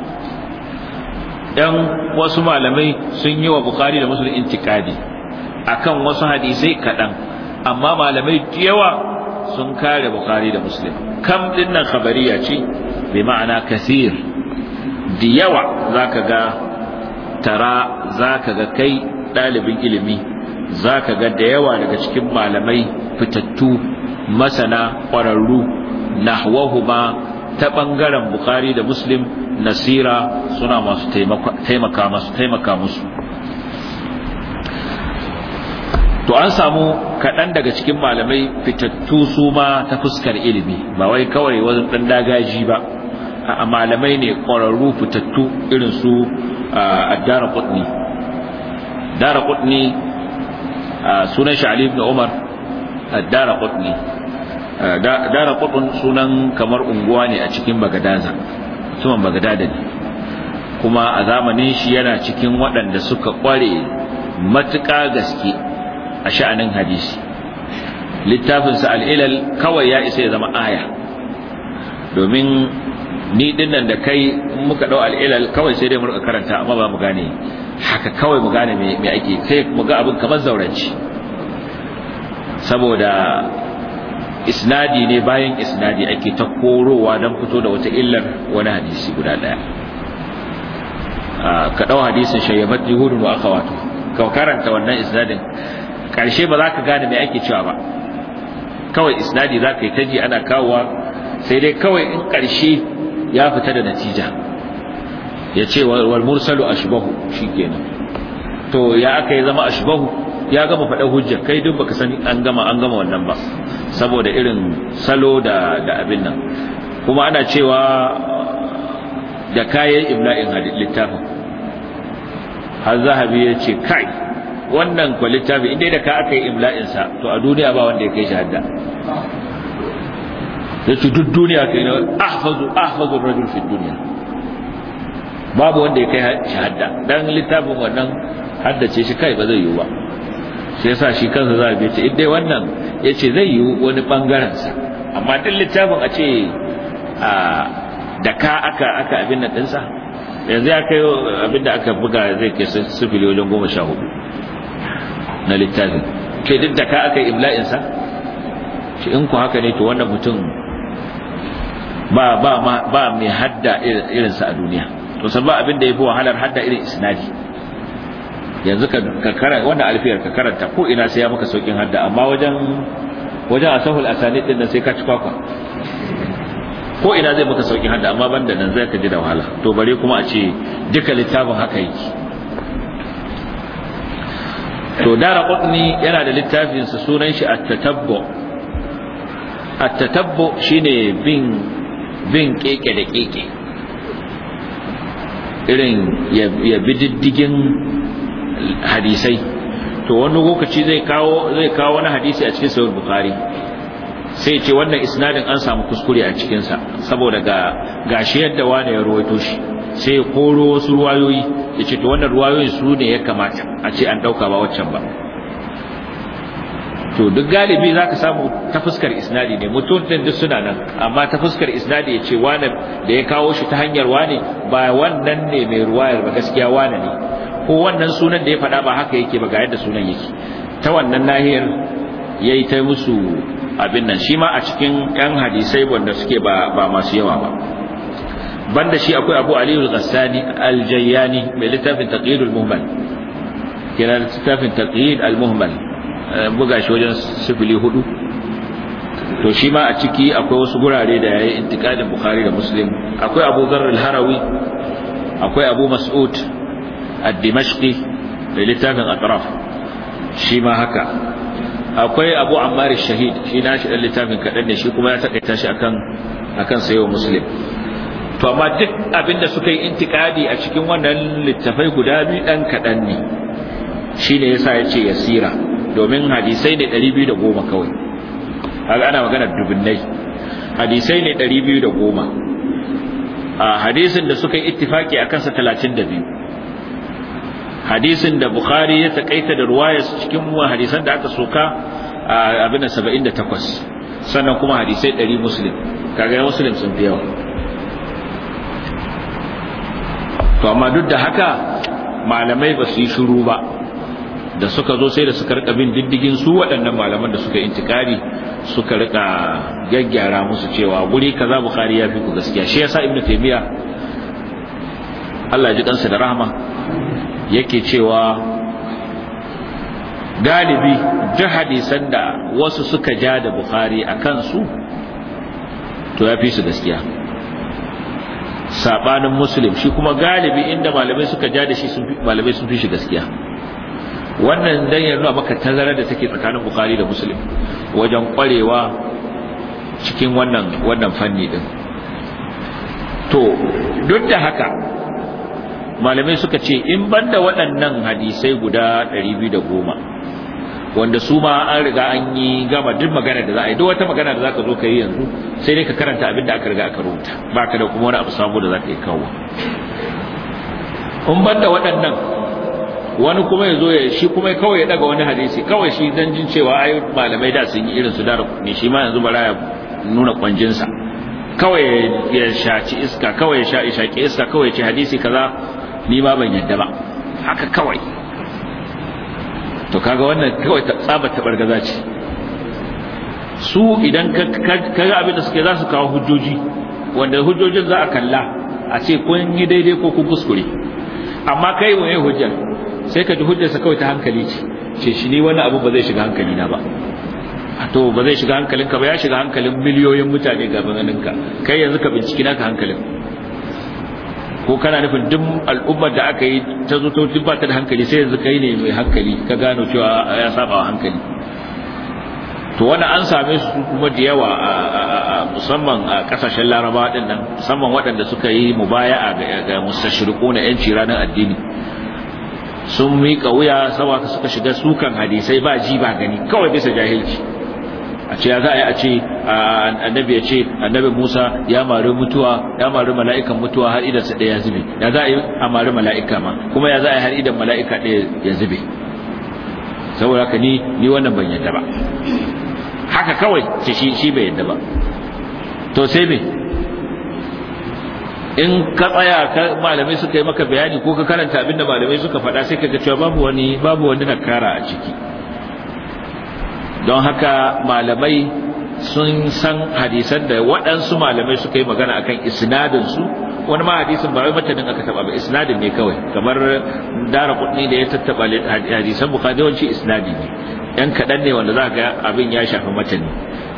dan wasu malamai sun yi wa bukhari da muslim intikadi akan wasu hadisai kaɗan amma malamai yawa sun kare bukhari da muslim kam din nan khabariya ce bi ma'ana kasir da yawa zaka ga tara zaka ga kai ɗalibin ilimi zaka ga da yawa daga cikin malamai fitattu masana ƙwararru nahwahuma ta ɓangaren Bukari da muslim nasira suna masu taimaka masu taimaka musu to an samu kaɗan daga cikin malamai fitattu su ma ta fuskar ilimi ba wai kawai wajen ɗan dagaji ba a malamai ne ƙwararru fitattu irin su a dara kudni dara kudni sunan shi ali ibn umar dara kudni Eh, dara kudin sunan kamar unguwa ne a cikin bagadaza mutumin bagadada ne kuma a zamanin shi yana cikin waɗanda suka ƙware matuƙa gaske a sha'anin hadisi littafinsa al'ilal kawai ya isa ya zama aya domin ni dinnan da kai muka ɗau al'ilal kawai sai dai murka karanta amma ba mu gane haka kawai mu gane me ake sai mu ga abin kamar zauranci saboda isnadi ne bayan isnadi ake ta korowa don fito da wata illar wani hadisi guda ɗaya ah, ka ɗau hadisin shayyabat yuhudun wa wato. ka karanta wannan isnadin Ƙarshe ba za ka gane me ake cewa ba kawai isnadi za ka yi taji ana kawowa sai dai kawai in ƙarshe ya fita da natija ya ce wal mursalu ashbahu shikenan to ya aka yi zama ashbahu ya gama faɗa hujja kai duk baka sani an gama an gama wannan ba saboda irin salo da da abin nan kuma ana cewa da kayan ibla'in hadith littafin har zahabi ya ce kai wannan kwa littafin inda da ka aka yi ibla'in sa to a duniya ba wanda ya kai shahada da su duk duniya kai na ahfazu ahfazu rajul fi duniya babu wanda ya kai shahada dan littafin wannan haddace shi kai ba zai yiwu ba sai sa shi kansa za a biya ta idai wannan ya ce zai yi wani ɓangarensa amma duk littafin a ce da ka aka aka abin nan ɗinsa yanzu ya kai abin da aka buga zai ke sifili wajen goma sha hudu na littafin ke duk da ka aka imla'insa shi in ku haka ne to wannan mutum ba ba ba mai hadda irinsa a duniya to san ba abin da ya fi wahalar hadda irin isnadi yanzu ka karanta wanda alfiyar ka karanta ko ina sai ya maka saukin hadda amma wajen wajen asahul asanid din sai ka ci kwakwa ko ina zai maka saukin hadda amma banda nan zai ka ji da wahala to bare kuma a ce duka littafin haka yake to dara qutni yana da littafin sa sunan shi at-tatabbu at-tatabbu shine bin bin keke da keke irin ya bi diddigin hadisai to wani lokaci zai kawo zai kawo wani hadisi a cikin sahih bukhari sai ce wannan isnadin an samu kuskure a cikin sa saboda ga gashi yadda wani ya ruwaito shi sai ya koro wasu ruwayoyi ya ce to wannan ruwayoyin su ne ya kamata a ce an dauka ba waccan ba to duk galibi zaka samu ta fuskar isnadi ne mutum din duk suna nan amma ta fuskar isnadi ya ce wani da ya kawo shi ta hanyar wani ba wannan ne mai ruwayar ba gaskiya wani ne ko wannan sunan da ya faɗa ba haka yake ba ga yadda sunan yake ta wannan nahiyar yayi ta musu abin nan shi ma a cikin yan hadisai wanda suke ba masu yawa ba banda shi akwai Abu Ali al-Ghassani al-Jayyani mai littafin taqid al-Muhmal kira littafin taqid al-Muhmal eh, buga shi wajen sifili hudu to shi ma a ciki akwai wasu gurare da yayi intikadin Bukhari da Muslim akwai Abu Dharr al-Harawi akwai Abu Mas'ud ad-dimashqi da littafin atraf shi ma haka akwai abu ammar shahid shi na shi littafin kaɗan ne shi kuma ya taƙaita shi akan akan sayo to amma duk abinda suka yi intikadi a cikin wannan littafai guda biyu ɗan kaɗan ne shi ne yasa ya ce yasira domin hadisai ne 210 kawai haka ana maganar dubunnai hadisai ne 210 a hadisin da suka yi ittifaki a kansa 32 hadisin da bukhari ya takaita da ruwayar cikin hadisan da aka soka abin da takwas. sannan kuma hadisai ɗari muslim kaga muslim sun fi yawa to amma duk da haka malamai ba su yi shiru ba da suka zo sai da suka rika bin diddigin su waɗannan malaman da suka intikari suka rika gaggyara musu cewa guri kaza bukhari ya fi ku gaskiya shi yasa ibnu taymiya Allah ya ji kansa da rahama yake cewa galibi duk hadisan da wasu suka ja da bukhari a kansu to ya fi su gaskiya sabanin muslim shi kuma galibi inda malamai suka ja da shi malamai sun fi shi gaskiya wannan dan yanzu a maka tazarar da take tsakanin bukhari da muslim wajen kwarewa cikin wannan wannan fanni din to duk da haka malamai suka ce in banda waɗannan hadisai guda 210 wanda su ma an riga an yi gama duk magana da za a yi duk wata magana da za ka zo ka yi yanzu sai dai ka karanta abin da aka riga aka rubuta ba ka da kuma wani abu sabo da za ka yi kawo in banda waɗannan wani kuma ya zo ya shi kuma kawai ya daga wani hadisi kawai shi dan jin cewa ai malamai da sun yi irin su da ne shi ma yanzu bara ya nuna kwanjinsa kawai ya shaci iska kawai ya sha iska kawai ya ce hadisi kaza ni ma ban yadda ba haka kawai to kaga wannan kawai tsabar bargaza ce su idan kaga abin da suke za su kawo hujjoji wanda hujjojin za a kalla a ce kun yi daidai ko kun kuskure amma kai mu yi hujjar sai ka ji hujjarsa kawai ta hankali ce ce shi ni wani abu ba zai shiga hankali na ba to ba zai shiga hankalinka ba ya shiga hankalin miliyoyin mutane ga gabaninka kai yanzu ka binciki naka hankalin ko kana nufin duk al'ummar da aka yi ta zo ta duk ba ta da hankali sai yanzu kai ne mai hankali ka gano cewa ya saba wa hankali to wani an same su kuma da yawa musamman a kasashen laraba din nan musamman waɗanda suka yi mubaya'a ga mustashriqu na yanci ranar addini sun miƙa wuya saboda suka shiga sukan hadisai ba ji ba gani kawai bisa jahilci a ce ya za a yi a ce annabi ya ce annabi Musa ya mari mutuwa ya mari mala'ikan mutuwa har idan sa ya zube ya za a yi a mari mala'ika ma kuma ya za a yi har idan mala'ika ɗaya ya zube saboda haka ni ni wannan ban yadda ba haka kawai ce shi shi bai yadda ba to sai me in ka tsaya ka malamai suka yi maka bayani ko ka karanta abinda malamai suka faɗa sai ka ga cewa babu wani babu wani nakara a ciki don haka malamai sun san hadisan da waɗansu malamai suka yi magana akan isnadin su wani ma hadisin ba wai matanin aka taba ba isnadin ne kawai kamar dara kudi da ya tattaba hadisan bukhari yawanci isnadi ne yan kaɗan ne wanda za ga abin ya shafi matani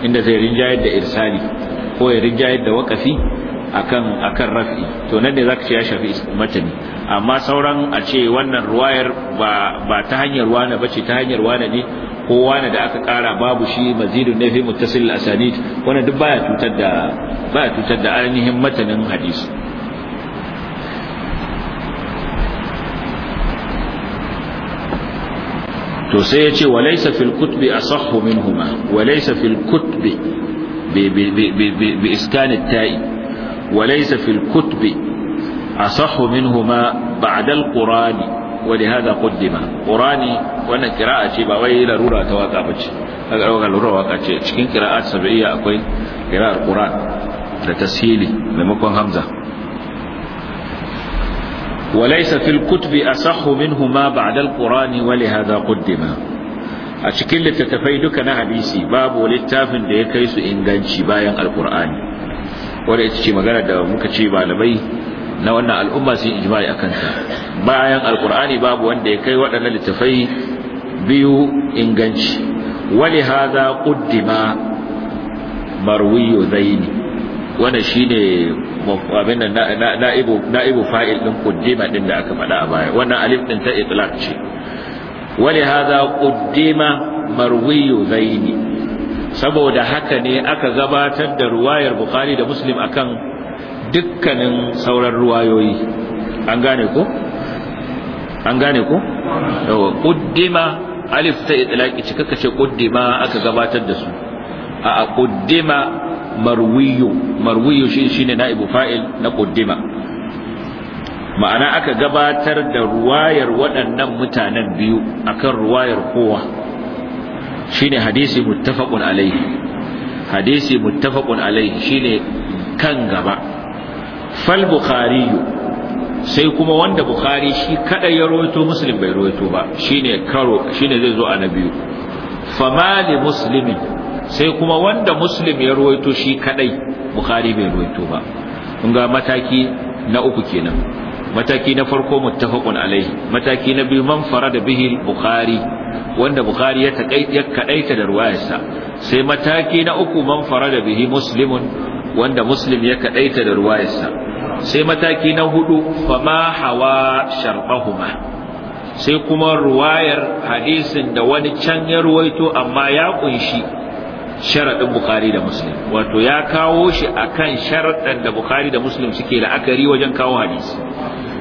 inda zai rinjayar da irsali ko ya rinjayar da wakafi akan akan rafi to nan ne zaka ce ya shafi matani amma sauran a ce wannan ruwayar ba ba ta hanyar wani ce ta hanyar wani ne kowa wani da aka kara babu shi mazidun na fi muttasil asanid wannan duk baya tutar da baya tutar da ainihin matanin hadisi to sai ya ce walaysa fil kutbi asahhu minhuma walaysa fil kutbi bi iskan at-ta'i walaysa fil kutbi asahhu minhuma ba'da al-qurani ولهذا قدم قراني وانا قراءه ce ba wai larura ta waka bace kaga daga larura waka ce cikin qira'at sab'iyya akwai qira'ar qur'an da maimakon hamza وليس في الكتب أصح منه ما بعد القرآن ولهذا قدم a cikin littattafai duka na hadisi babu littafin da ya kai su inganci bayan alkur'ani wanda ita ce magana da muka ce malamai na wannan al'umma sun ijma'i a kanta. bayan alqur'ani babu wanda ya kai waɗannan littafai biyu inganci Wani haza quddima marwiyu zaini Wani shine abin na'ibu na'ibu fa'il ɗin quddima din da aka faɗa a baya wannan alif ɗin ta itlaq ce Wani haza quddima marwiyu zaini saboda haka ne aka gabatar da ruwayar bukhari da muslim akan dukkanin sauran ruwayoyi an gane ko an gane ko yawa quddima alif ta itlaqi cika kace quddima aka gabatar da su a a quddima marwiyu marwiyu shi shine naibu fa'il na quddima ma'ana aka gabatar da ruwayar waɗannan mutanen biyu akan ruwayar kowa shine hadisi muttafaqun alaihi hadisi muttafaqun alaihi shine kan gaba fal bukhari sai kuma wanda bukhari shi kada ya rawaito muslim bai rawaito ba shine karo shine zai zo a na biyu fama li muslimin sai kuma wanda muslim ya rawaito shi kadai bukhari bai rawaito ba kun ga mataki na uku kenan mataki na farko muttafaqun alaihi mataki na biyu man farada bihi bukhari wanda bukhari ya takaita kadaita da ruwayarsa sai mataki na uku man farada bihi muslimun wanda muslim ya kadaita da ruwayarsa sai mataki na hudu fama hawa sharbahuma sai kuma ruwayar hadisin da wani can ya ruwaito amma ya kunshi sharadin bukhari da muslim wato ya kawo shi akan sharadin da bukhari da muslim suke la'akari wajen kawo hadisi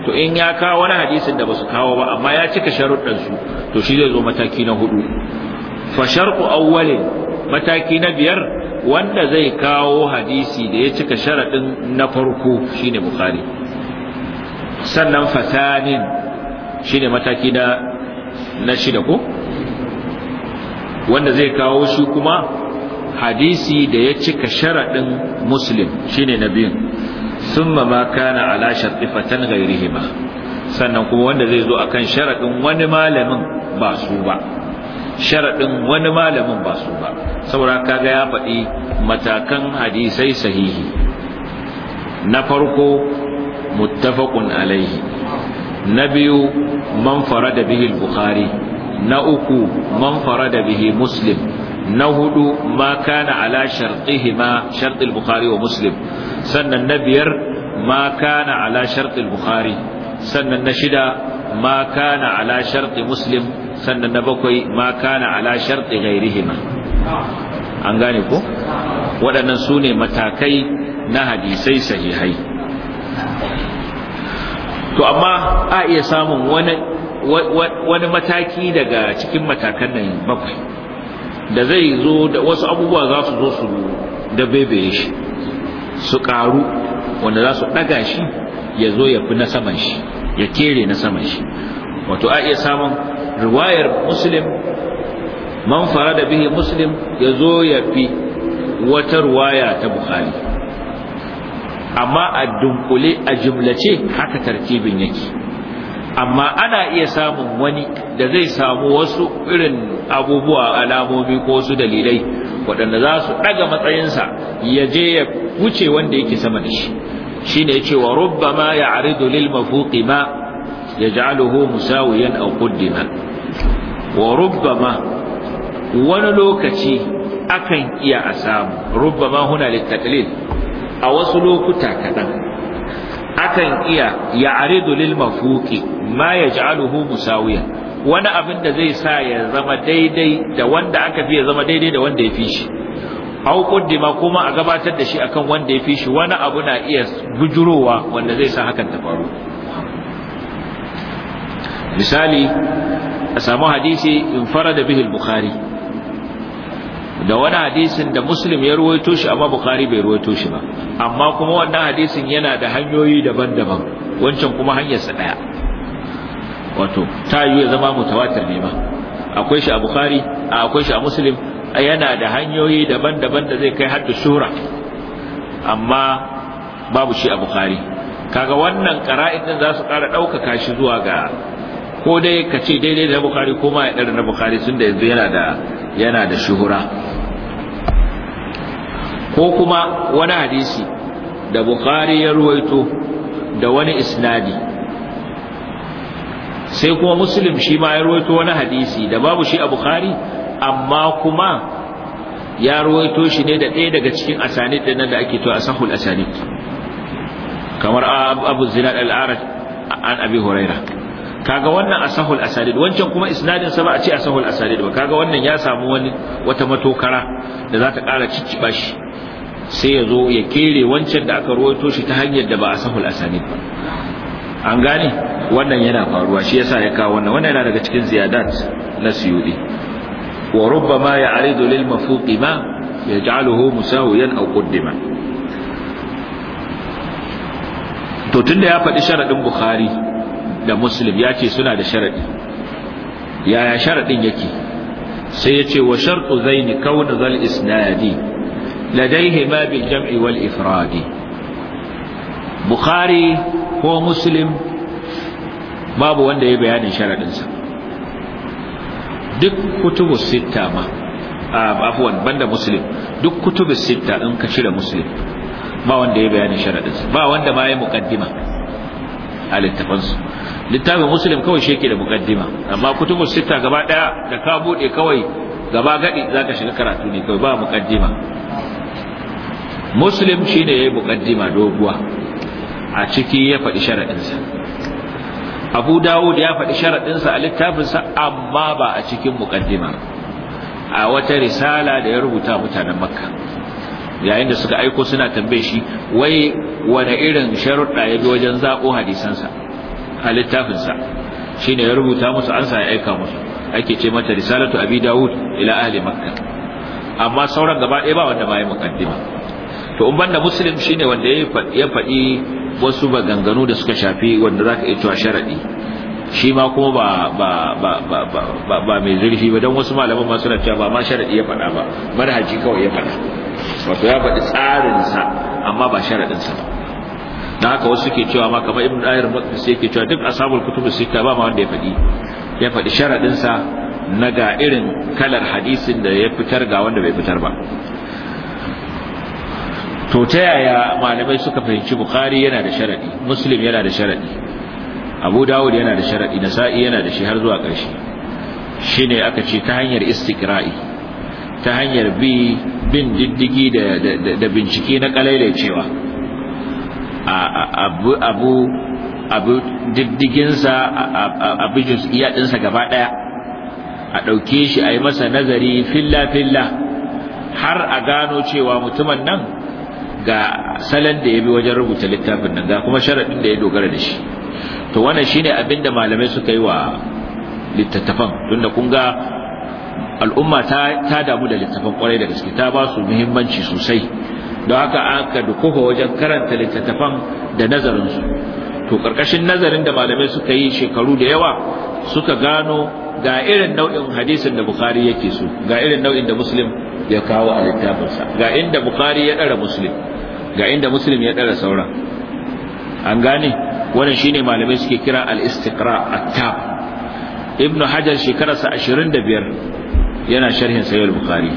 to in ya kawo wani hadisin da basu kawo ba amma ya cika sharuɗan su to shi zai zo mataki na hudu fa sharqu awwalin mataki na biyar wanda zai kawo hadisi da ya cika sharaɗin na farko shine bukhari sannan fasanin shine mataki na na shida ko wanda zai kawo shi kuma hadisi da ya cika sharaɗin muslim shine na biyun summa ma kana ala shartifatan ghairihima sannan kuma wanda zai zo akan sharaɗin wani malamin ba su ba sharaɗin wani malamin ba su ba saboda kaga ya faɗi matakan hadisai sahihi na farko muttafaqun alaihi na biyu man farada bihi al-bukhari na uku man farada bihi muslim na hudu ma kana ala shartihima shart al-bukhari wa muslim sannan na biyar ma kana ala shart al-bukhari sannan na shida ma kana ala shart muslim sannan na bakwai ma kana ala sharti ghairihima an gane ko waɗannan su ne matakai na hadisai sahihai to amma a iya samun wani wani mataki daga cikin matakan nan bakwai da zai zo da wasu abubuwa za su zo su da bebe shi su ƙaru wanda za su ɗaga shi ya zo ya fi na saman shi ya kere na saman shi wato a iya samun riwayar muslim man farada bihi muslim ya zo ya fi wata riwaya ta bukhari amma a dunkule a jumlace haka tartibin yake amma ana iya samun wani da zai samu wasu irin abubuwa alamomi ko su dalilai waɗanda za su ɗaga matsayinsa ya je ya wuce wanda yake sama da shi shine yace wa rubbama ya'ridu lil mafuqi ma yaj'aluhu musawiyan aw quddima wa rubbama wani lokaci akan iya a samu rubbama huna littaklil a wasu lokuta kaɗan akan iya ya aridu lil mafuki ma ya ja'aluhu musawiya wani abin da zai sa ya zama daidai da wanda aka fi ya zama daidai da wanda ya fi shi au kuddima kuma a gabatar da shi akan wanda ya fi shi wani abu na iya bujurowa wanda zai sa hakan ta faru misali a samu hadisi in fara da bihil bukhari da wani hadisin da muslim ya ruwaito shi amma bukhari bai ruwaito shi ba amma kuma wannan hadisin yana da hanyoyi daban-daban wancan kuma hanyarsa daya wato ta yi zama mutawatir ne ba akwai shi a bukhari akwai shi a muslim yana da hanyoyi daban-daban da zai kai har da shura amma babu shi a bukhari kaga wannan qara'in za su ƙara ɗaukaka shi zuwa ga ko dai ka ce daidai da bukari ko ma ya ɗari na bukari sun da yanzu yana da yana da shuhura ko kuma wani hadisi da bukari ya ruwaito da wani isnadi sai kuma muslim shi ma ya ruwaito wani hadisi da babu shi a bukari amma kuma ya ruwaito shi ne da ɗaya daga cikin asanid ɗin nan da ake to asahul asanid kamar abu zinad al-arad an abi huraira kaga wannan asahul asalid wancan kuma isnadin sa ba a ce asahul asalid ba kaga wannan ya samu wani wata matokara da za ta ƙara cicciba shi sai ya zo ya kere wancan da aka ruwaito shi ta hanyar da ba asahul asalid ba an gane wannan yana faruwa shi yasa ya kawo wannan wannan yana daga cikin ziyadat na suyudi wa rubbama ya'ridu lil mafuqi ma yaj'aluhu musawiyan aw quddima to tunda ya faɗi sharadin bukhari da muslim ya ce suna da sharaɗi, yaya sharaɗin yake sai ya ce wa shartu zaini kauna zal isnadi ladaihi ma bil jam'i wal ifradi bukhari ko muslim babu wanda ya bayanin sharaɗinsa. duk kutubu sitta ma afwan banda muslim duk kutubu sitta in ka cire muslim ba wanda ya bayanin sharaɗinsa ba wanda ma ya muqaddima a littafansu littafin muslim kawai shi yake da mukaddima amma kutubu sita gaba daya da ka bude kawai gaba gadi zaka shiga karatu ne kawai ba mukaddima muslim shine yayi mukaddima doguwa a ciki ya faɗi sharaɗinsa abu dawud ya faɗi sharaɗinsa a littafinsa amma ba a cikin mukaddima a wata risala da ya rubuta mutanen makka yayin da suka aiko suna tambaye shi wai wane irin sharuɗa ya bi wajen zaɓo hadisansa a littafinsa shine ya rubuta musu ansa ya aika musu ake ce mata risalatu abi daud ila ahli makka amma sauran gaba ɗaya ba wanda ba ya muqaddima to in banda muslim shine wanda ya faɗi wasu maganganu da suka shafi wanda zaka iya cewa sharadi shi ma kuma ba ba ba ba ba ba mai zurfi ba don wasu malaman ma suna cewa ba ma sharadi ya faɗa ba manhaji kawai ya faɗa wato ya faɗi tsarinsa amma ba sharaɗinsa ba da haka wasu ke cewa ma kamar ibn dahir sai yake cewa duk asabul kutubus sita ba ma wanda ya faɗi ya faɗi sharadin sa na ga irin kalar hadisin da ya fitar ga wanda bai fitar ba to ta yaya malamai suka fahimci bukhari yana da sharadi muslim yana da sharadi abu dawud yana da sharadi nasa'i yana da shi har zuwa ƙarshe shine aka ce ta hanyar istiqra'i ta hanyar bi bin diddigi da bincike na kalailaicewa cewa abu diddiginsa abu juz'iyya ɗinsa gaba ɗaya a ɗauke shi a yi masa nazari filla-filla har a gano cewa mutumin nan ga salon da ya bi wajen rubuta littafin nan ga kuma sharaɗin da ya dogara da shi to wannan shine abin da malamai suka yi wa littattafan tunda kun ga al'umma ta damu da littattafan kwarai da gaske ta ba su muhimmanci sosai don haka aka dukufa wajen karanta littattafan da nazarinsu to karkashin nazarin da malamai suka yi shekaru da yawa suka gano ga irin nau'in hadisin da bukhari yake so ga irin nau'in da muslim ya kawo a littafinsa ga inda bukhari ya ɗara muslim ga inda muslim ya ɗara sauran an gane wannan shine malamai suke kira al-istiqra at-tab ibnu hajar shekararsa 25 yana sharhin sayyid bukhari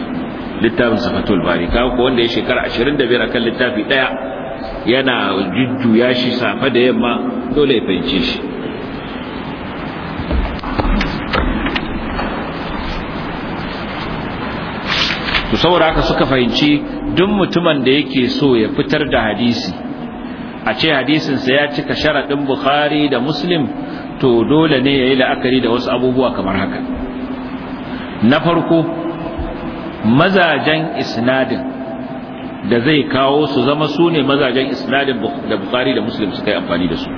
littafin safatul bari kawo ko wanda ya shekara 25 akan littafi ɗaya yana jujjuya shi safa da yamma dole ya fahimce shi to saboda haka suka fahimci duk mutumin da yake so ya fitar da hadisi a ce hadisinsa ya cika sharaɗin bukhari da muslim to dole ne ya yi la'akari da wasu abubuwa kamar haka na farko mazajen isnadin da zai kawo su zama su ne mazajen isnadin da bukari da muslim suka yi amfani da su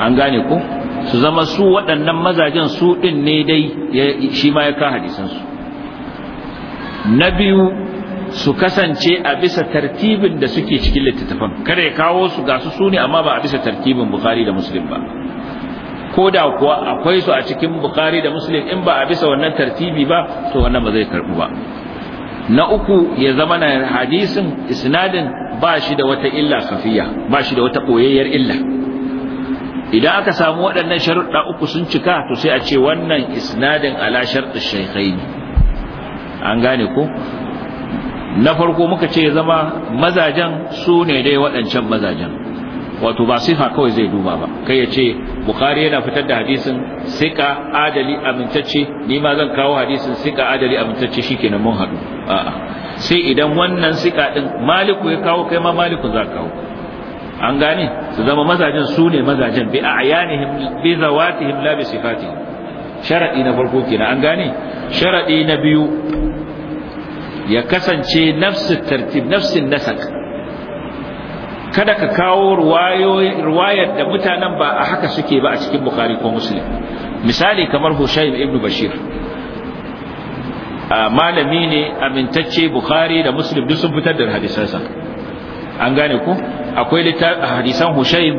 an gane ko su zama su waɗannan mazajen su ɗin ne dai shi ma ya ka hadisansu na biyu su kasance a bisa tartibin da suke cikin littattafan kada ya kawo su ga su ne amma ba a bisa tartibin bukari da muslim ba ko da kuwa akwai su a cikin bukhari da muslim in ba a bisa wannan tartibi ba to wannan ba zai karbu ba na uku ya zama na hadisin isnadin ba shi da wata illa safiya ba shi da wata koyayyar illa idan aka samu waɗannan sharuɗa uku sun cika to sai a ce wannan isnadin ala sharɗin shaikhai ne an gane ko na farko muka ce ya zama mazajen su ne dai waɗancan mazajen wato ba siha kawai zai duba ba kai ya ce bukhari yana fitar da hadisin sika adali amintacce ni ma zan kawo hadisin sika adali amintacce shikenan mun haɗu. a'a sai idan wannan sika din maliku ya kawo kai ma maliku za ka kawo an gane su zama mazajen su ne mazajen bi a'yanihim bi zawatihim la bi sifati sharadi na farko kenan an gane sharadi na biyu ya kasance nafsu tartib nafsin nasak kada ka kawo ruwayar da mutanen ba a haka suke ba a cikin bukhari ko muslim misali kamar hushayb ibn bashir malami ne amintacce bukhari da muslim duk sun fitar da hadisansa an gane ku akwai hadisan hushayb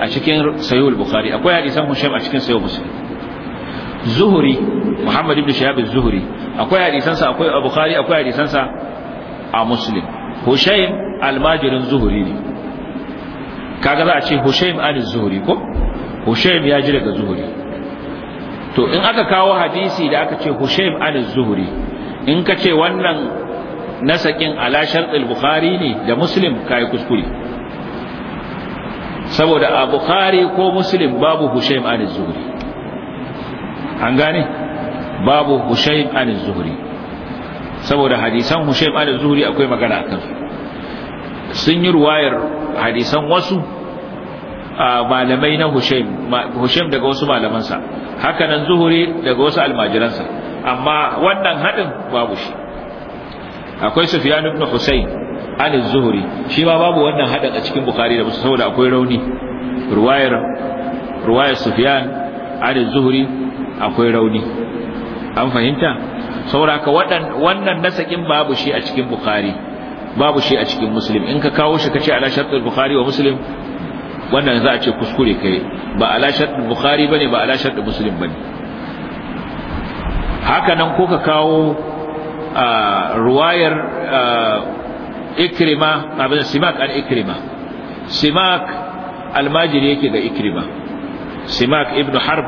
a cikin sayowar bukhari akwai hadisan hushayb a cikin sayowar muslim zuhuri muhammad ibn shihab az akwai hadisansa akwai bukhari akwai hadisansa a muslim hushayb almajirin zuhuri ne kaga za a ce hushaim an zuhuri ko hushaim ya ji daga zuhuri to in aka kawo hadisi da aka ce hushaim an zuhuri in ka ce wannan nasakin ala sharɗin bukhari ne da muslim kayi kuskure saboda a bukhari ko muslim babu hushaim an zuhuri an gane babu hushaim an zuhuri saboda hadisan hushaim an zuhuri akwai magana akan sun yi ruwayar hadisan wasu malamai na Hushaim Hushaim daga wasu malamansa haka nan Zuhuri daga wasu almajiransa amma wannan hadin babu shi akwai Sufyan ibn Husayn an Zuhuri shi ma babu wannan hadin a cikin Bukhari da Muslim saboda akwai rauni ruwayar ruwayar Sufyan an Zuhuri akwai rauni an fahimta saboda ka wannan nasakin babu shi a cikin Bukhari babu shi a cikin muslim in ka kawo shi ka kace ala shartul bukhari wa muslim wannan za a ce kuskure kai ba ala shartul bukhari bane ba ala shartul muslim bane haka nan ko ka kawo ruwayar ikrima abin simak an ikrima simak almajiri yake ga ikrima simak ibnu harb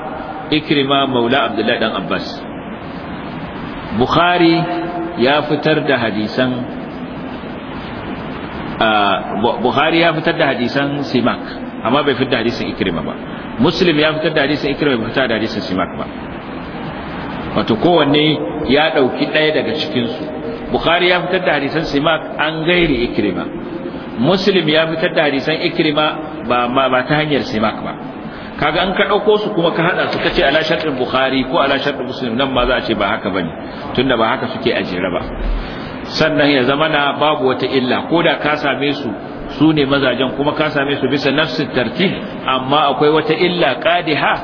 ikrima maula abdullahi dan abbas bukhari ya fitar da hadisan Ah, Buhari ya fitar da hadisan Simak amma bai fitar da hadisan Ikrima ba Muslim ya fitar da hadisan Ikrima bai fitar da hadisan Simak ba wato kowanne ya dauki ɗaya daga cikin su Bukhari ya fitar da hadisan Simak an gairi Ikrima Muslim ya fitar da hadisan Ikrima ba ba ta hanyar Simak ba kaga an ka ɗauko su kuma ka haɗa su kace ala shartin bukhari ko ala shartin muslim nan ma za a ce ba haka bane tunda ba haka suke a ba sannan ya zama na babu wata illa ko da ka same su su ne mazajen kuma ka same su bisa nafsin tartib amma akwai wata illa qadiha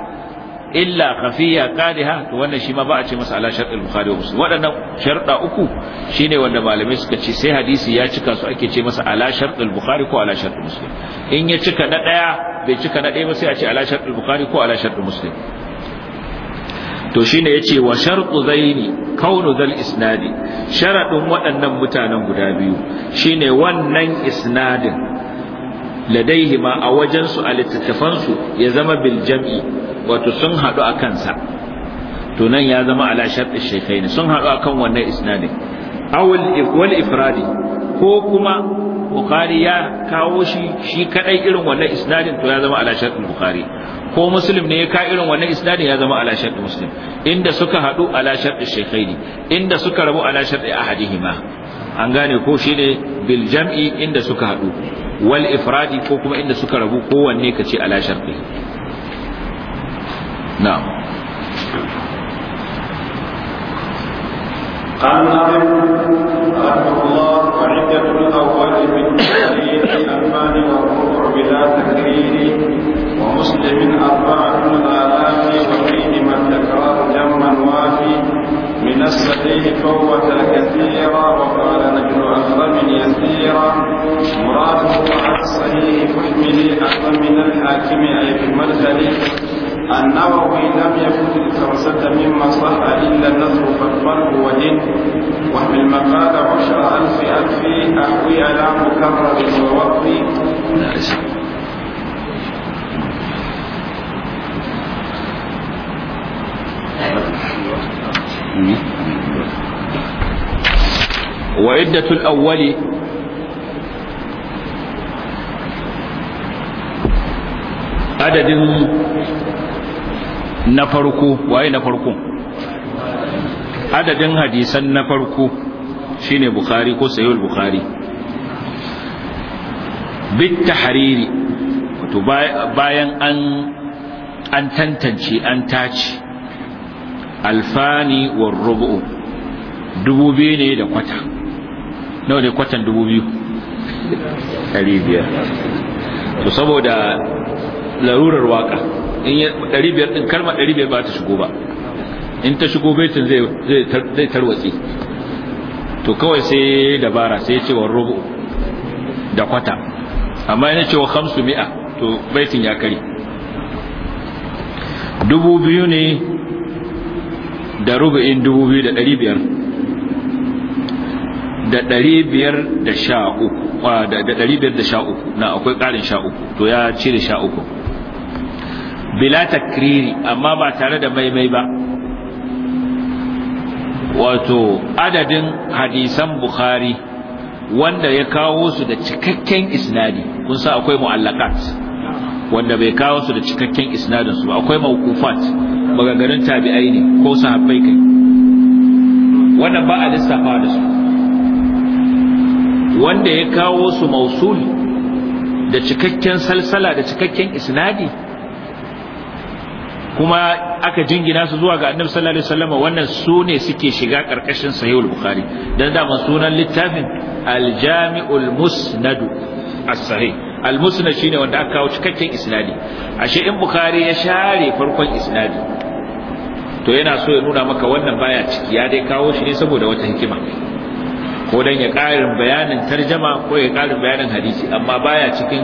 illa khafiya qadiha to wannan shi ma ba a ce masa ala shartul bukhari wa muslim waɗannan sharda uku shine wanda malamai suka ce sai hadisi ya cika su ake ce masa ala shartul bukhari ko ala shartul muslim in ya cika na ɗaya bai cika na ɗaya ba sai a ce ala shartul bukhari ko ala shartul muslim to shine yace wa shartu zaini kaunu zal isnadi sharadin waɗannan mutanen guda biyu shine wannan isnadin ladaihi ma a wajen su a littattafan su ya zama bil jam'i wato sun haɗu a kansa to nan ya zama ala shartu shaykhaini sun haɗu akan wannan isnadin awal wal ifradi ko kuma bukhari ya kawo shi shi kadai irin wannan isnadin to ya zama ala shartul bukhari ko muslim ne ya ka irin wannan isnadin ya zama ala shartul muslim inda suka hadu ala shartul shaykhaini inda suka rabu ala shartul ahadihima an gane ko shine bil jam'i inda suka hadu wal ifradi ko kuma inda suka rabu kowanne kace ala shartul na'am قال مالك رحمه الله وعدة الأول من الحديث الألمان والربع بلا تكرير ومسلم أربعة الآلاف وفيه من تكرار جما وافي من الصحيح فوت كثيرا وقال نجل أخرم يسيرا مراده على الصحيح فحمه أخرم من الحاكم أي في المدخل النووي لم يكن التمسك مما صح إلا النذر فالفرق وإن وفي المقال عشر ألف ألف أحوي على مكرر ووقف وعدة الأول عدد na farko waye na farko adadin hadisan na farko shine bukhari ko sayyid bukhari bit tahriri wato bayan an an tantance an tace alfani war rubu dubu biyu ne da kwata nawa ne kwatan dubu biyu ɗari biyar to saboda larurar waka in ya 500 din ɗari biyar ba ta shigo ba in ta shigo baitin zai zai tarwatsi to kawai sai dabara sai ya ce wa rubu da kwata amma yana cewa 500 to baitin ya kare dubu biyu ne da rubu'in dubu biyu da ɗari biyar da ɗari biyar da sha uku na akwai ƙarin sha uku to ya cire sha uku bila takriri amma ba tare da maimai ba wato adadin hadisan bukhari wanda ya kawo su da cikakken isnadi kun sa akwai mu'allakat wanda bai kawo su da cikakken isnadin su akwai mawqufat magagarin tabi'ai ne ko sahabbai kai wannan ba a lissafa da su wanda ya kawo su mausul da cikakken salsala da cikakken isnadi kuma aka jingina su zuwa ga annabi sallallahu alaihi wasallam wannan su suke shiga karkashin sahihul bukhari dan da sunan littafin al-jami'ul musnad as-sahih al-musnad shine wanda aka kawo cikakken isnadi ashe in bukhari ya share farkon isnadi to yana so ya nuna maka wannan baya ciki ya dai kawo shi ne saboda wata hikima ko dan ya karin bayanin tarjama ko ya karin bayanin hadisi amma baya cikin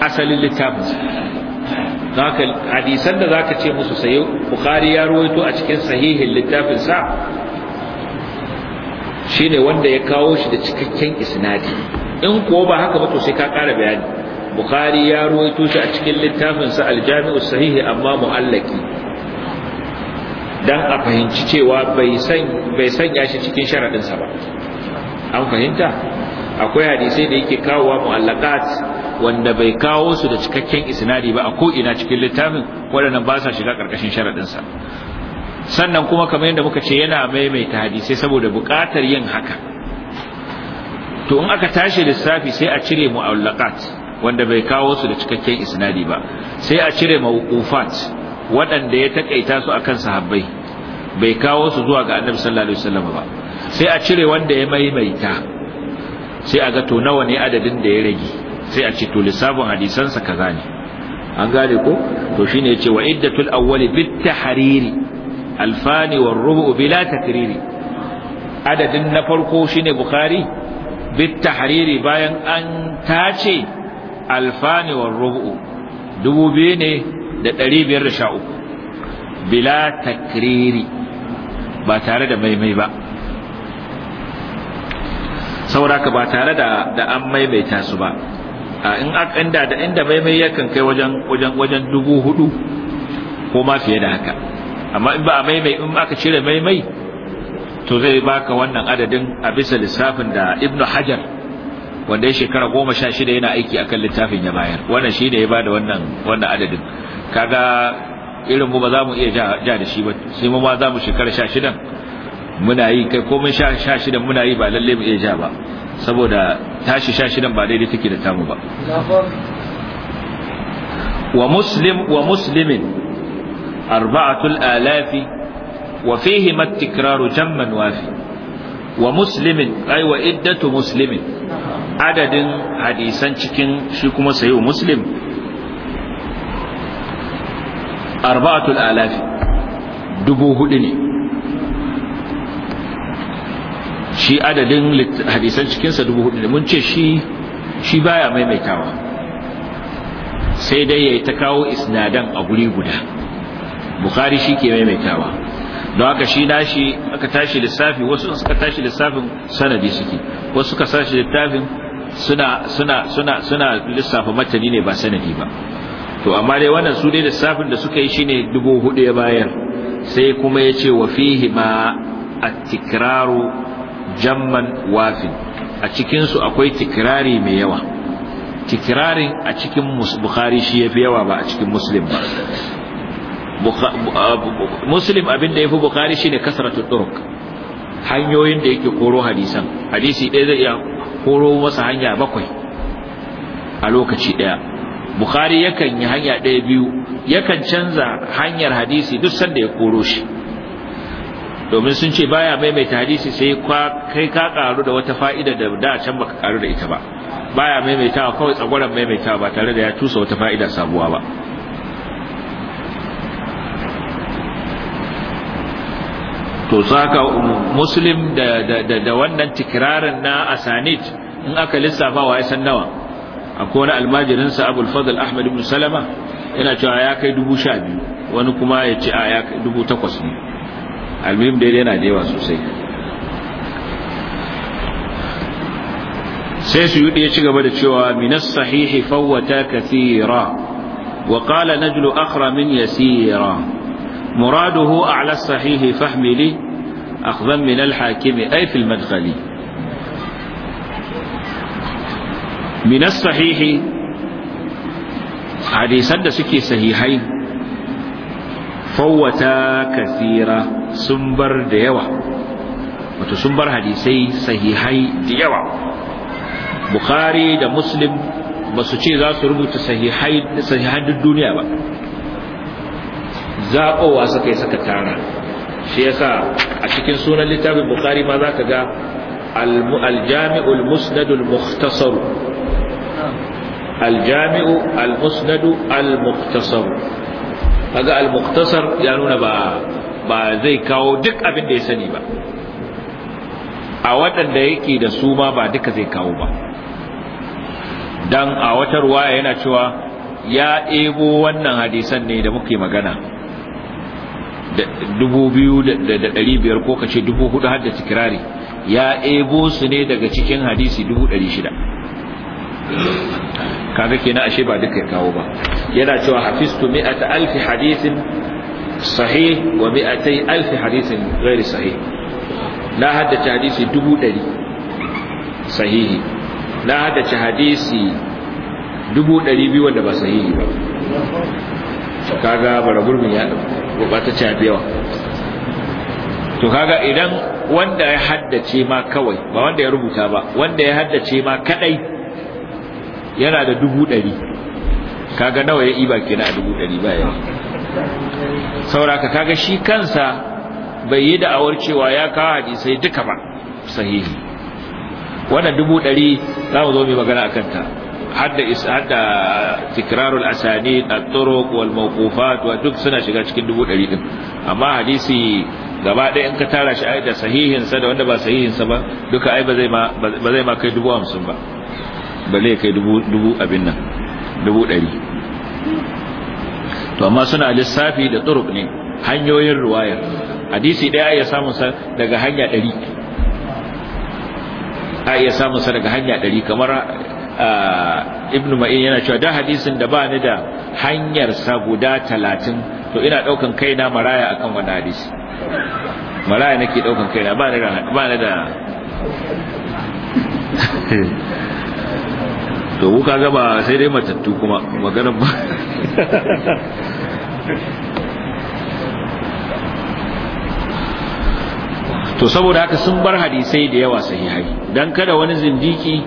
asalin littafin zaka hadisan da zaka ce musu sai bukhari ya ruwaito a cikin sahihin littafin sa shine wanda ya kawo shi da cikakken isnadi in ko ba haka ba to sai ka kara bayani bukhari ya ruwaito shi a cikin littafin sa aljami'u sahihi amma mu'allaki dan a fahimci cewa bai san bai sanya shi cikin sharadin sa ba an fahimta akwai hadisai da yake kawowa mu'allaqat wanda bai kawo su da cikakken isnadi ba a ko ina cikin littafin waɗannan ba sa shiga ƙarƙashin sa sannan kuma kamar yadda muka ce yana maimaita hadisai saboda buƙatar yin haka to in aka tashi lissafi sai a cire mu'allaqat wanda bai kawo su da cikakken isnadi ba sai a cire mawqufat waɗanda ya takaita su akan sahabbai bai kawo su zuwa ga annabi sallallahu alaihi wasallam ba sai a cire wanda ya maimaita sai a ga to nawa ne adadin da ya rage sai a ce to lissafin hadisansa kaza ne an gane ko to shine yace wa iddatul awwali bit tahriri alfani war rubu bila takriri adadin na farko shine bukhari bit tahriri bayan an tace alfani war rubu dubu biyu ne da ɗari biyar da sha uku bila takriri ba tare da maimai ba saboda ka ba tare da an maimaita su ba in aka inda da inda mai yakan kai wajen wajen wajen dubu hudu ko ma fiye da haka amma in ba a maimai in aka cire maimai to zai baka wannan adadin a bisa lissafin da ibnu hajar wanda ya shekara goma sha shida yana aiki akan littafin ya bayar wannan shi ne ya bada wannan wannan adadin kaga irin mu ba za mu iya ja da shi ba sai mu ma za mu shekara sha shidan muna yi kai ko mun sha shidan muna yi ba lalle mu iya ja ba saboda tashi sha shidan ba daidai take da tamu ba wa muslim wa muslimin arba'atul alafi wa fihi tikraru jamman wafi wa muslimin ai wa iddatu muslimin adadin hadisan cikin shi kuma sayo muslim arba'atul alafi dubu hudu ne shi adadin hadisan cikinsa dubu hudu ne mun ce shi shi baya maimaitawa sai dai ya yi ta kawo isnadan a guri guda bukhari shi ke maimaitawa don haka shi nashi aka tashi lissafi wasu suka tashi lissafin sanadi suke wasu suka tashi littafin suna suna suna suna lissafa matani ne ba sanadi ba to amma dai wannan su dai lissafin da suka yi shine dubu hudu ya bayar sai kuma ya ce wa fihi ma at-tikraru jamman wafin a cikinsu akwai tikirari mai yawa tikirarin a cikin bukhari shi ya fi yawa ba a cikin muslim ba muslim abinda ya fi bukhari shine kasratu turuk hanyoyin da yake koro hadisan hadisi ɗaya zai iya koro masa hanya bakwai a lokaci ɗaya bukhari yakan yi hanya ɗaya biyu yakan canza hanyar hadisi duk sanda ya koro shi domin sun ce baya maimaita hadisi sai kai ka karu da wata fa'ida da da can baka karu da ita ba baya maimaitawa kawai tsagwaron maimaitawa ba tare da ya tusa wata fa'ida sabuwa ba to saka muslim da da da, wannan tikirarin na asanid in aka lissafa wa ya san nawa akwai wani almajirin sa Abdul Fadl Ahmad ibn Salama yana cewa ya kai biyu, wani kuma ya ce a ya kai takwas. ne almihim daidai yana da yawa sosai sai su yi ya ci gaba da cewa minas sahihi fawwata kathira wa qala najlu akhra min yasira muraduhu a'la sahihi fahmili akhdan min al-hakim ay fi al-madkhali minas sahihi hadisan da suke sahihai fawwata kathira sun bar da yawa wato sun bar hadisai sahihai da yawa bukhari da muslim ba su ce za su rubuta sahihan duk duniya ba zaɓowa suka yi suka tara shi yasa a cikin sunan littafin bukhari ma za ka ga aljami'ul musnadul mukhtasar aljami'u almusnadu almukhtasar kaga almukhtasar ya nuna ba ba zai kawo duk abin da ya sani ba a waɗanda yake da su ma ba duka zai kawo ba Don a wata ruwaya yana cewa ya ebo wannan hadisan ne da muke magana dubu biyu da ɗari biyar ko kace dubu hudu har da ya ebo su ne daga cikin hadisi dubu ɗari shida kaga kenan ashe ba duka ya kawo ba yana cewa hafistu mi'ata alfi hadisin sahih wa mi'atai alfi hadisin ghairi sahih na haddace hadisi dubu dari sahihi na haddace hadisi dubu dari biyu wanda ba sahihi ba kaga bara gurbin ya gurbatacce ya fi yawa to kaga idan wanda ya haddace ma kawai ba wanda ya rubuta ba wanda ya haddace ma kadai yana da dubu dari kaga nawa ya iba kenan a dubu dari ba yawa sauraka kaga shi kansa bai yi da'awar cewa ya kawo hadisai duka ba sahihi wannan dubu ɗari za mu zo mai magana a kanta hadda hadda tikrarul asani at-turuq wal mawqufat wa duk suna shiga cikin dubu ɗari din amma hadisi gaba ɗaya in ka tara shi da sahihin sa da wanda ba sahihin sa ba duka ai ba zai ma ba zai ma kai dubu hamsin ba ba zai kai dubu dubu abin nan dubu ɗari to amma suna lissafi da turuk ne hanyoyin ruwayar hadisi ɗaya ya samu sa daga hanya ɗari a iya samun sa daga hanya ɗari kamar ibnu ma'in yana cewa da hadisin da ba ni da hanyar sa guda talatin to ina ɗaukan kaina maraya akan wani hadisi maraya nake ɗaukan kaina ba ni da to kuka gaba sai dai matattu kuma maganar ba to saboda haka sun bar hadisai da yawa sahihai dan kada wani zindiki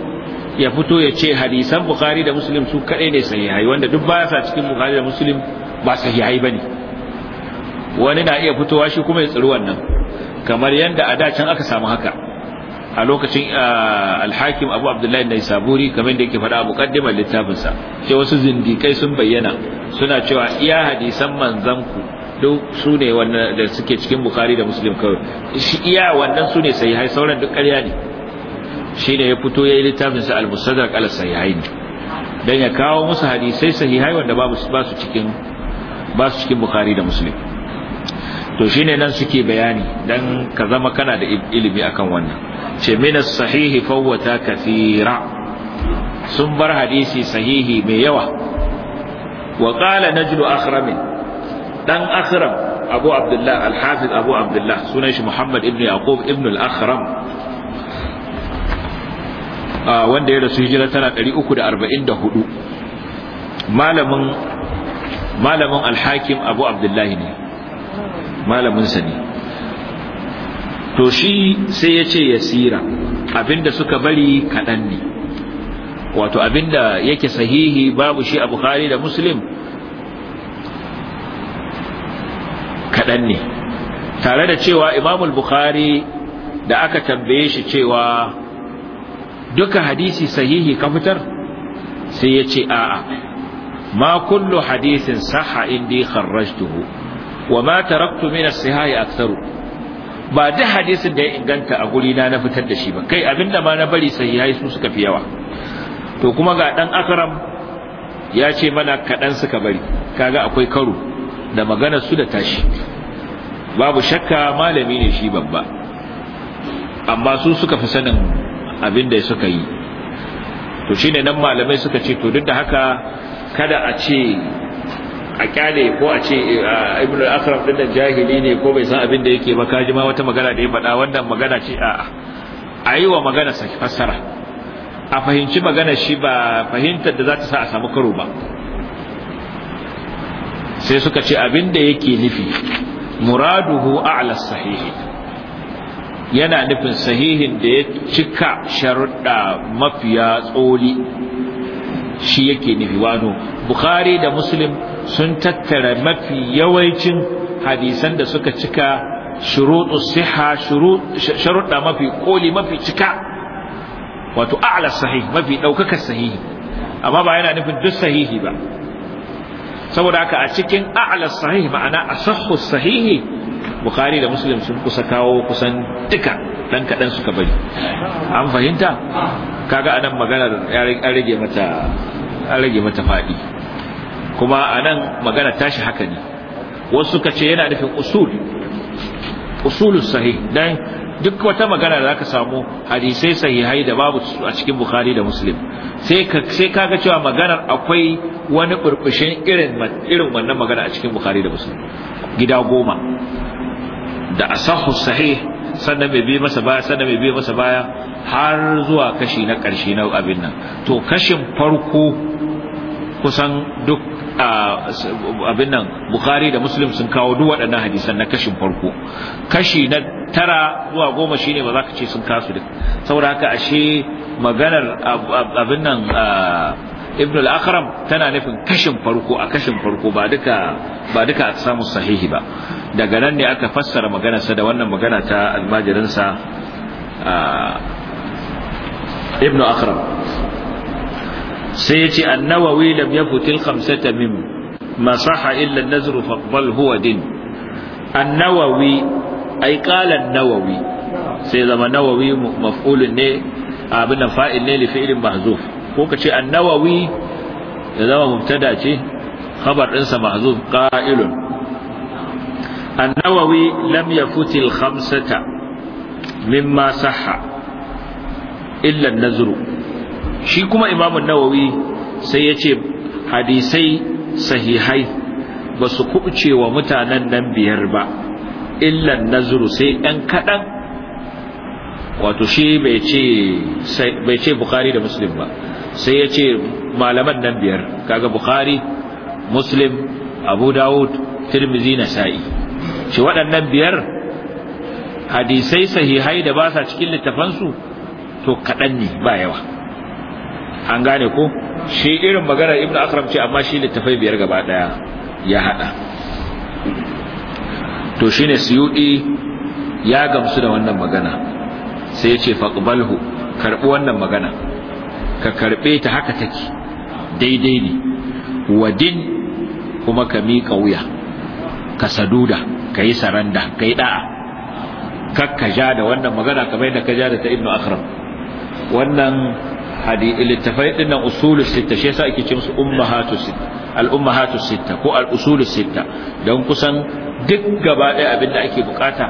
ya fito ya ce hadisan bukhari da muslim su kadai ne sahihai wanda duk baya sa cikin bukhari da muslim ba sahihai bane wani na iya fitowa shi kuma ya tsiri wannan kamar yanda a da can aka samu haka a lokacin alhakim abu abdullahi na saburi kamar da yake faɗa a muƙaddimar littafinsa ce wasu zindikai sun bayyana suna cewa iya hadisan manzan ku duk su ne da suke cikin bukari da muslim kawai shi iya wannan su ne hai sauran duk ƙarya ne shi ne ya fito ya yi littafinsa al sai hai ne dan ya kawo musu hadisai hai wanda ba su cikin ba su cikin bukari da muslim to shine nan suke bayani dan ka zama kana da ilimi akan wannan ce min sahihi fawwata kathira sun bar hadisi sahihi mai yawa wa qala najlu akhram dan akhram abu abdullah al-hafiz abu abdullah sunan shi muhammad ibn yaqub ibn al-akhram wanda ya rasu hijira tana 344 malamin malamin al-hakim abu abdullah ne malamin sa ne to shi sai ya ce yasira abinda suka bari kaɗan ne wato abinda yake sahihi babu shi a bukhari da muslim kaɗan ne tare da cewa imamul bukhari da aka tambaye shi cewa duka hadisi sahihi ka fitar sai ya ce a'a ma kullu hadisin saha indi kharrajtuhu wa ma taraktu min as-sihahi aktharu ba duk hadisin da ya inganta a guri na na fitar da shi ba kai abinda ma na bari sahihai su suka fi yawa to kuma ga dan akram ya ce mana kaɗan suka bari kaga akwai karo da maganar su da tashi babu shakka malami ne shi babba amma su suka fi sanin abin da suka yi to shine nan malamai suka ce to duk da haka kada a ce a kyale ko a ce eh, ibn al-akram din da jahili ne ko bai san abin da yake ba kaji ma wata magana da ya faɗa wannan magana ce a'a a yi wa magana sa fassara a fahimci magana shi ba fahimtar da za ta sa a samu karo ba sai suka ce abin da yake nufi muraduhu a'la sahihi yana nufin sahihin da ya cika sharuɗa mafiya tsoli shi yake nufi wano bukhari da muslim sun tattara mafi yawancin hadisan da suka cika shuruɗu siha sharuɗa mafi koli mafi cika wato a'la sahih mafi ɗaukakar sahihi amma ba yana nufin duk sahihi ba saboda haka a cikin a'la sahih ma'ana asahhu sahihi bukhari da muslim sun kusa kawo kusan duka dan kaɗan suka bari an fahimta kaga anan magana an rage mata an rage mata faɗi kuma a nan magana tashi haka ne wasu suka ce yana nufin usul usul sahi dan duk wata magana da zaka samu hadisai sahihai da babu a cikin bukhari da muslim sai ka sai kaga cewa maganar akwai wani burbushin irin irin wannan magana a cikin bukhari da muslim gida goma da asahu sahih sannan mai bi masa baya sannan mai bi masa baya har zuwa kashi na ƙarshe na abin nan to kashin farko kusan duk abin nan bukhari da muslim sun kawo duk waɗannan hadisan na kashin farko kashi na tara zuwa goma shine ba za ka ce sun kasu duk saboda haka ashe maganar abin nan ibn al-akram tana nufin kashin farko a kashin farko ba duka ba duka samu sahihi ba daga nan ne aka fassara maganarsa da wannan magana ta almajirinsa ibn akram sai ya ce annawawi lam yafutil khamsata min masaha illa an-nazru faqbal huwa din annawawi ay qala an-nawawi sai zama nawawi maf'ulun ne abin da fa'il ne li fi'lin mahzuf ko ka ce annawawi ya zama mubtada ce khabar ɗinsa mahzuf qa'ilun annawawi lam yafutil khamsata mimma sahha illa an-nazru shi kuma imamun nawawi sai ya ce hadisai sahihai ba su kubuce wa mutanen nan biyar ba illan nazuru sai ɗan kaɗan wato shi bai ce Bukhari da muslim ba sai ya ce malaman nan biyar kaga Bukhari muslim abu dawud tirmizi na sa'i ce waɗannan biyar hadisai sahihai da ba sa cikin littafansu to kaɗan ne ba yawa an gane ko shi irin maganar ibnu akram ce amma shi littafai biyar gaba daya ya hada to shine suyudi ya gamsu da wannan magana sai ya ce faqbalhu karbi wannan magana ka karbe ta haka take daidai ne wadin kuma ka miƙa wuya ka saduda ka yi saranda ka yi da'a kakka ja da wannan magana kamar yadda ka ja da ta ibnu akram wannan littafai din nan usulus sitta shi yasa ake ce musu ummahatus sitta al ummahatus sitta ko al usulus sitta don kusan duk gaba ɗaya abin da ake bukata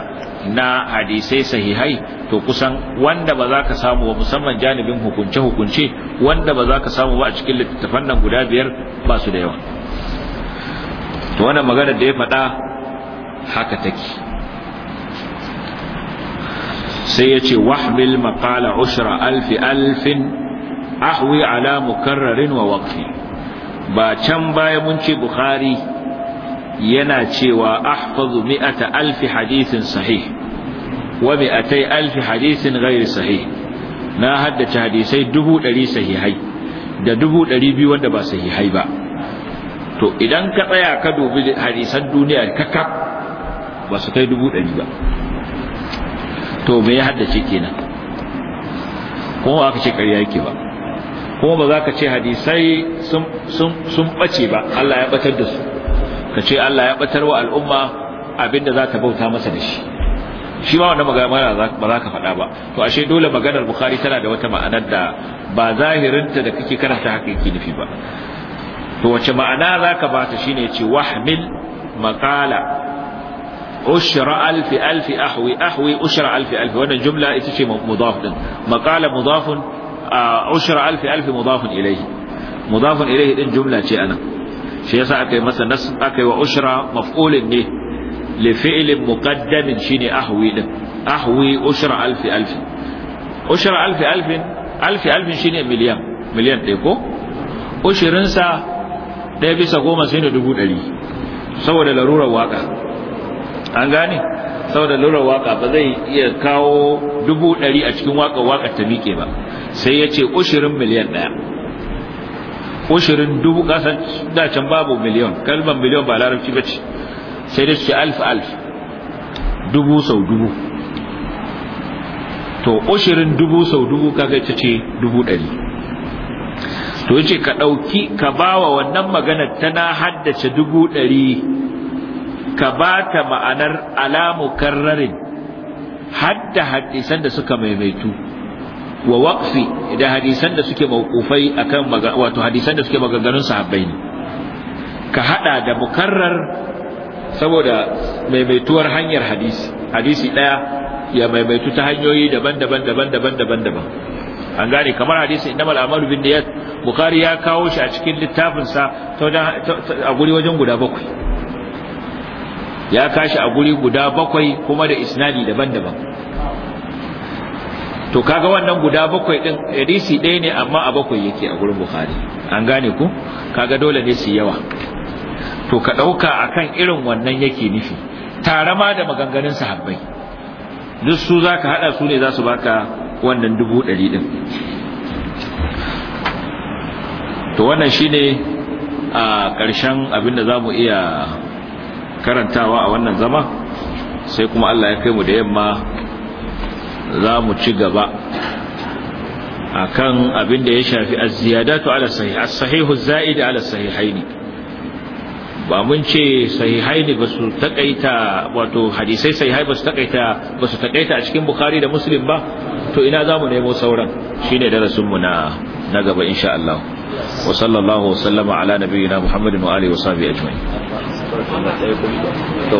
na hadisai sahihai to kusan wanda ba za ka samu ba musamman janibin hukunce hukunce wanda ba za ka samu ba a cikin littattafan nan guda biyar ba su da yawa to wannan magana da ya faɗa haka take sai ya ce wahmil maqala ushra alfi alfin ahwi ala mukarrarin wa waqfi ba can baya mun ce bukhari yana cewa ahfazu mi'ata alfi hadithin sahih wa mi'atai alfi hadithin ghairi sahih na haddace hadisai dubu ɗari sahihai da dubu ɗari biyu wanda ba sahihai ba to idan ka tsaya ka dubi hadisan duniya kakaf ba su kai dubu ɗari ba to me ya haddace kenan kuma aka ce ƙarya yake ba kuma ba za ka ce hadisai sun ɓace ba Allah ya ɓatar da su ka ce Allah ya ɓatar wa al'umma abinda za ta bauta masa da shi shi ma wannan magana ba za ka faɗa ba to ashe dole maganar bukhari tana da wata ma'anar da ba zahirinta da kake karanta haka yake nufi ba to wace ma'ana za ka ba ta shine ce wahmil maqala ushra alfi alfi ahwi ahwi ushra alfi alfi wannan jumla ita ce mudaf din maqala mudafun ushra alfi alfi mudafun ilayhi mudafun ilayhi din jumla ce anan shi yasa aka yi masa nasb aka yi wa ushra maf'ulin ne li fi'lin muqaddamin shine ahwi din alfi alfi alfi alfin shine miliyan miliyan ɗaya ko ushirin sa bisa goma shine dubu ɗari saboda larurar waka an gane saboda larurar waka ba zai iya kawo dubu ɗari a cikin waka waka ta miƙe ba sai ya ce ushirin miliyan ɗaya ushirin dubu kasan dacen babu miliyon kalmar miliyon ba larabci ba ce sai da ce alf alf dubu sau dubu to ushirin dubu sau dubu kaga ita ce dubu ɗari to yace ka ɗauki ka ba wa wannan maganar tana haddace dubu ɗari ka ba ta ma'anar alamu karrarin hadda haddisan da suka maimaitu wa waqfi da hadisan da suke mawqufai akan wato hadisan da suke maganganun sahabbai ne ka hada da mukarrar saboda maimaituwar hanyar hadisi hadisi daya ya maimaitu ta hanyoyi daban-daban daban-daban daban-daban an gane kamar hadisi innamal a'malu binniyat bukhari ya kawo shi a cikin littafin sa a guri wajen guda bakwai ya kashi a guri guda bakwai kuma da isnadi daban-daban to kaga wannan guda bakwai din hadisi ɗaya ne amma a bakwai yake a gurin bukhari an gane ku kaga dole ne su yawa to ka ɗauka akan irin wannan yake nufi tare ma da maganganun sahabbai duk su za ka haɗa su ne za su baka wannan dubu ɗari ɗin to wannan shine a ƙarshen abinda za mu iya karantawa a wannan zama sai kuma Allah ya kai mu da yamma za mu ci gaba akan abin da ya shafi az-ziyadatu ala sahih as-sahihu az-zaid ala sahihaini ba mun ce sahihaini ba su takaita wato hadisai sahihai ba su takaita ba su takaita a cikin bukhari da muslim ba to ina za mu nemo sauran shine darasin mu na na gaba insha Allah wa sallallahu wa sallama ala nabiyyina muhammadin wa alihi wa sahbihi ajma'in to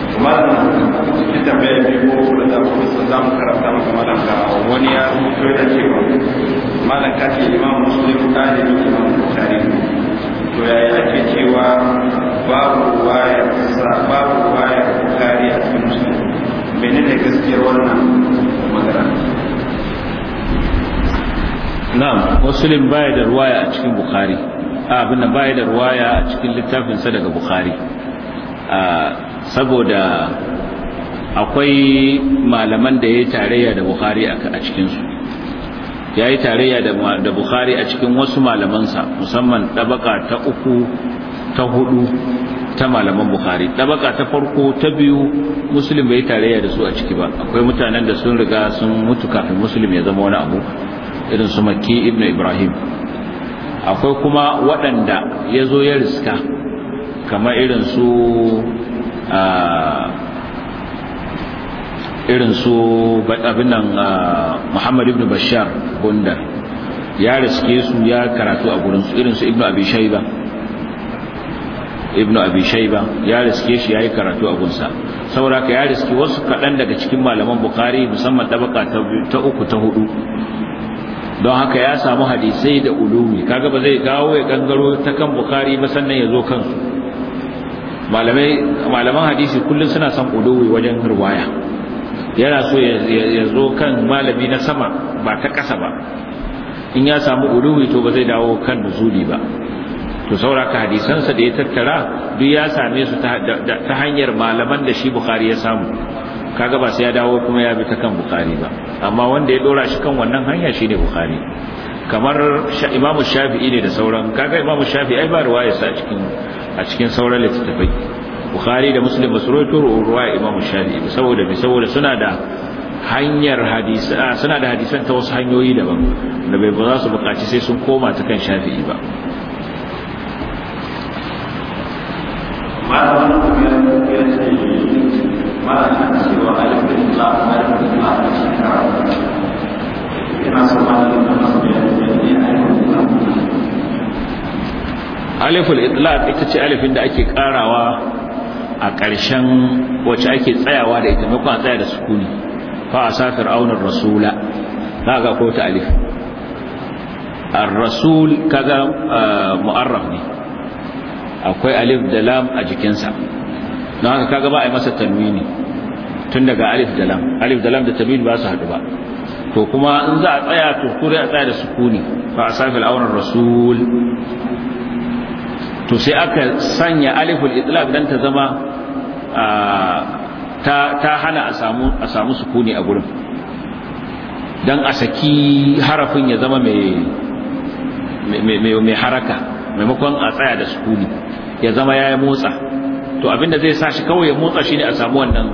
malam cikin tambaya biyu ko kuma da kuma sun za karanta maka malam ka wani ya rubuto yana cewa malam ka ce imam muslim ɗalibin imam bukari to yaya ake cewa babu waya babu wayar bukari a cikin muslim menene gaskiyar wannan magana na'am muslim baya da ruwaya a cikin bukhari ah, abin da baya da ruwaya a cikin littafinsa daga bukhari ah, saboda akwai malaman da ya yi tarayya da bukhari a cikinsu ya yi tarayya da Buhari a cikin wasu malamansa musamman ɗabaka ta uku ta hudu ta malaman bukhari ɗabaka ta farko ta biyu musulun bai tarayya da su a ciki ba akwai mutanen da sun riga sun mutu kafin musulun ya zama wani abu irin su makki ibn ibrahim akwai kuma waɗanda ya zo ya riska kamar irin su irin su abinan muhammad ibn bashar gundar ya riske su ya karatu a gurinsu irin su ibn abi ibn abi ya riske shi yayi karatu a gunsa saboda ka ya riske wasu kaɗan daga cikin malaman bukhari musamman tabaka ta uku ta hudu don haka ya samu hadisai da ulumi kaga ba zai gawo ya gangaro ta kan bukhari ba sannan ya zo kansu malaman hadisi kullum suna son kudowi wajen ruwaya yana so ya zo kan malami na sama ba ta ƙasa ba in ya samu kudowi to ba zai dawo kan nuzuli ba to saura ka hadisansa da ya tattara duk ya same su ta hanyar malaman da shi bukhari ya samu kaga ba sai ya dawo kuma ya bi ta kan bukhari ba amma wanda ya dora shi kan wannan hanya shine bukhari kamar imam shafi'i ne da sauran kaga imam shafi'i ai ba ruwaya sa cikin a cikin sauran littattafai bukhari da muslim basu rawaito ruwaya imam shafi'i saboda me saboda suna da hanyar hadisa suna da hadisan ta wasu hanyoyi daban da bai ba za su buƙaci sai sun koma ta kan shafi'i ba Thank you. aliful itlaq ita ce alifin da ake karawa a ƙarshen wacce ake tsayawa da ita maimakon a tsaya da sukuni fa a sa fir'aunar rasula kaga ko ta alif ar-rasul kaga ah, mu'arraf ne akwai alif da lam a jikinsa don haka kaga ba a yi masa tanwini tun daga alif da lam alif da lam da tanwini ba su haɗu ba to kuma in za a tsaya to kure a tsaya da sukuni fa a sa fir'aunar rasul to sai aka sanya aliful itlaq dan ta zama ta ta hana a samu a samu sukuni a gurin dan a saki harafin ya zama mai mai haraka maimakon a tsaya da sukuni ya zama ya motsa to abinda zai sa shi kawai ya motsa shine a samu wannan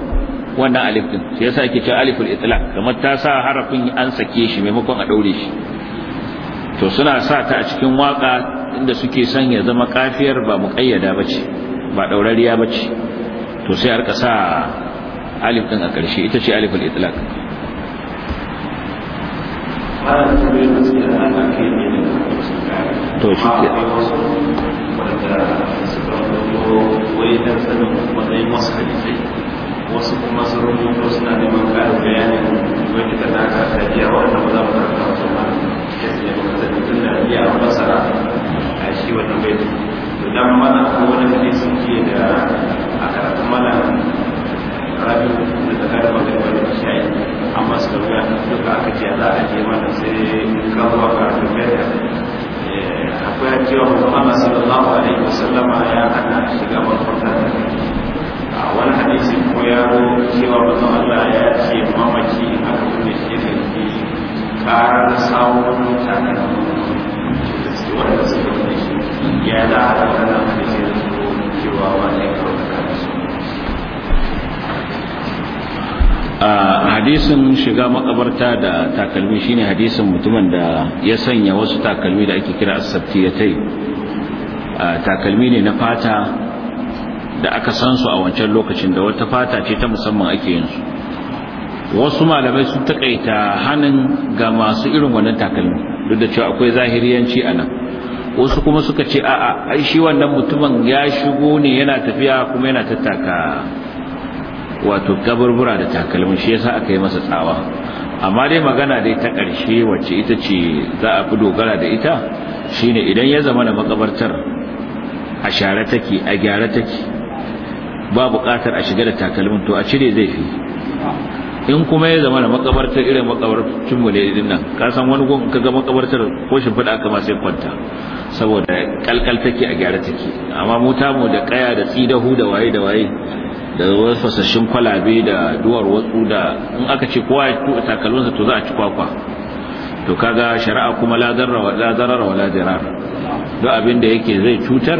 wannan alif din shi yasa yake cewa aliful itlaq kamar ta sa harafin an sake shi maimakon a daure shi to suna sa ta a cikin waka inda suke son ya zama kafiyar ba mu kayyada ba daurariya ce to sai arka sa alif din a ƙarshe ita ce aliful itlaq to shi ke wasu kuma suna neman bayanin wani da za mu su ya ce tun da iya masara shi wannan bai da dama mana ko wani kaɗai sun ce da a karatun mana rabi da tsakar magana da shayi amma su da wuya duka aka ce za a je mana sai kawo a karatun bai eh, akwai cewa muhammad sallallahu alaihi wasallama ya ana shiga mafarta a wani hadisi ko yaro cewa mutum Allah ya ce mamaki aka kulle shi ne ke karar samun mutanen wanda suka kulle shi ya a wannan cewa wani a hadisin shiga makabarta da takalmi shine hadisin mutumin da ya sanya wasu takalmi da ake kira asabtiyatai takalmi ne na fata da aka san su a wancan lokacin da wata fata ce ta musamman ake yin su wasu malamai sun takaita hannun ga masu irin wannan takalmi duk da cewa akwai zahiriyanci a nan wasu kuma suka ce a'a ai shi wannan mutumin ya shigo ne yana tafiya kuma yana tattaka wato gaburbura da takalmin shi yasa aka yi masa tsawa amma dai magana dai ta ƙarshe wacce ita ce za a fi dogara da ita shine idan ya zama na makabartar a share take a gyara take ba buƙatar a shiga da takalmin to a cire zai fi in kuma ya zama da makabartar irin makabarcin mu ne idin nan ka san wani gun ka ga makabartar ko shi fada aka sai kwanta saboda kalkal take a gyara take amma mu ta mu da kaya da tsidahu da waye da waye da fasashin kwalabe da duwar watsu da in aka ce kowa ya tuba takalminsa to za a ci kwakwa to kaga shari'a kuma la zarra wa la zarara wa la dirar duk abin da yake zai cutar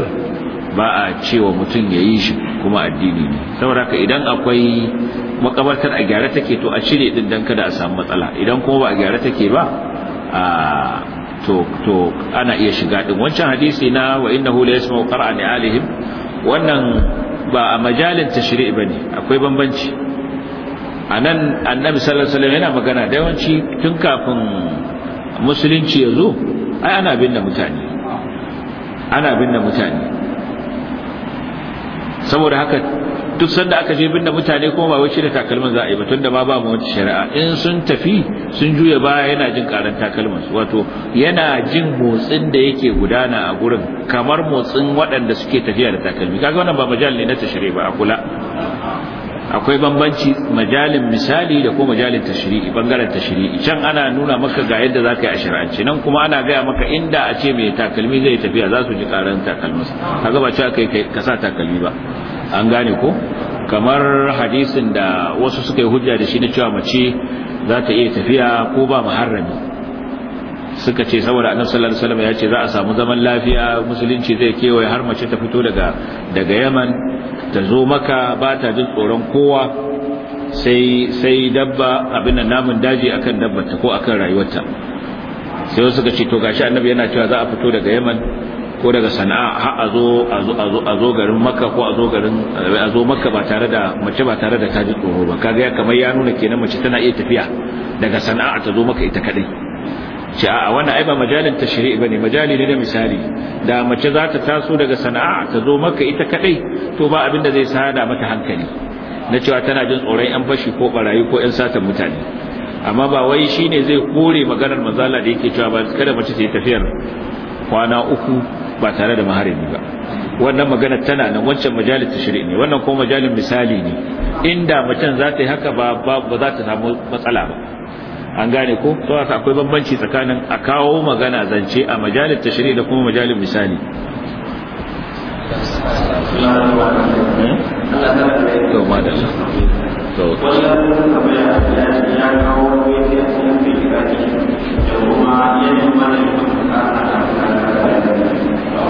ba a cewa mutum ya yi shi kuma addini ne saboda haka idan akwai makabartar a gyara take to a cire din dan kada a samu matsala idan kuma ba a gyara take ba a to to ana iya shiga din wancan hadisi na wa innahu la yasma'u qara'a alihim wannan ba a majalin tashri' bane akwai bambanci anan annabi sallallahu alaihi wasallam yana magana da yawanci tun kafin musulunci ya zo ai ana binne mutane ana binne mutane saboda haka duk sanda aka je binne mutane kuma ba wai da takalmin za a yi ba tunda ma ba mu wata shari'a in sun tafi sun juya baya yana jin karan takalmin su wato yana jin motsin da yake gudana a gurin kamar motsin waɗanda suke tafiya da takalmi kaga wannan ba majal ne na tashri'i ba a kula akwai bambanci majalin misali da kuma majalin tashri'i bangaren tashri'i can ana nuna maka ga yadda za ka yi a shari'ance nan kuma ana gaya maka inda a ce mai takalmi zai tafiya za su ji karan takalminsa kaga ba cewa yi ka sa takalmi ba an gane ko kamar hadisin da wasu suka yi hujja da shi na cewa mace za ta iya tafiya ko ba muharrami suka ce saboda annabi sallallahu alaihi wasallam ya ce za a samu zaman lafiya musulunci zai kewaye har mace ta fito daga daga Yaman ta zo maka ba ta jin tsoron kowa sai sai dabba abin nan namun daji akan ta ko akan rayuwarta sai suka ce to gashi annabi yana cewa za a fito daga Yaman ko daga sana'a har a zo a zo garin makka ko a zo garin a zo makka ba tare da mace ba tare da ta tsoro ba kaga ya kamar ya nuna kenan mace tana iya tafiya daga sana'a ta zo maka ita kadai ce a wannan ai ba majalin tashri'i bane majali ne da misali da mace za ta taso daga sana'a ta zo maka ita kadai to ba abin da zai sada mata hankali na cewa tana jin tsoron yan fashi ko barayi ko yan satan mutane amma ba wai shine zai kore maganar mazala da yake cewa ba kada mace ta yi tafiyar kwana uku ba tare da maharimi ba wannan magana tana nan wancan majalis tashri'i ne wannan kuma majalin misali ne inda mutum za ta yi haka ba ba za ta samu matsala ba an gane ko to akwai bambanci tsakanin a kawo magana zance a majalis tashri'i da kuma majalin misali Allah madalla wannan ya kawo da kuma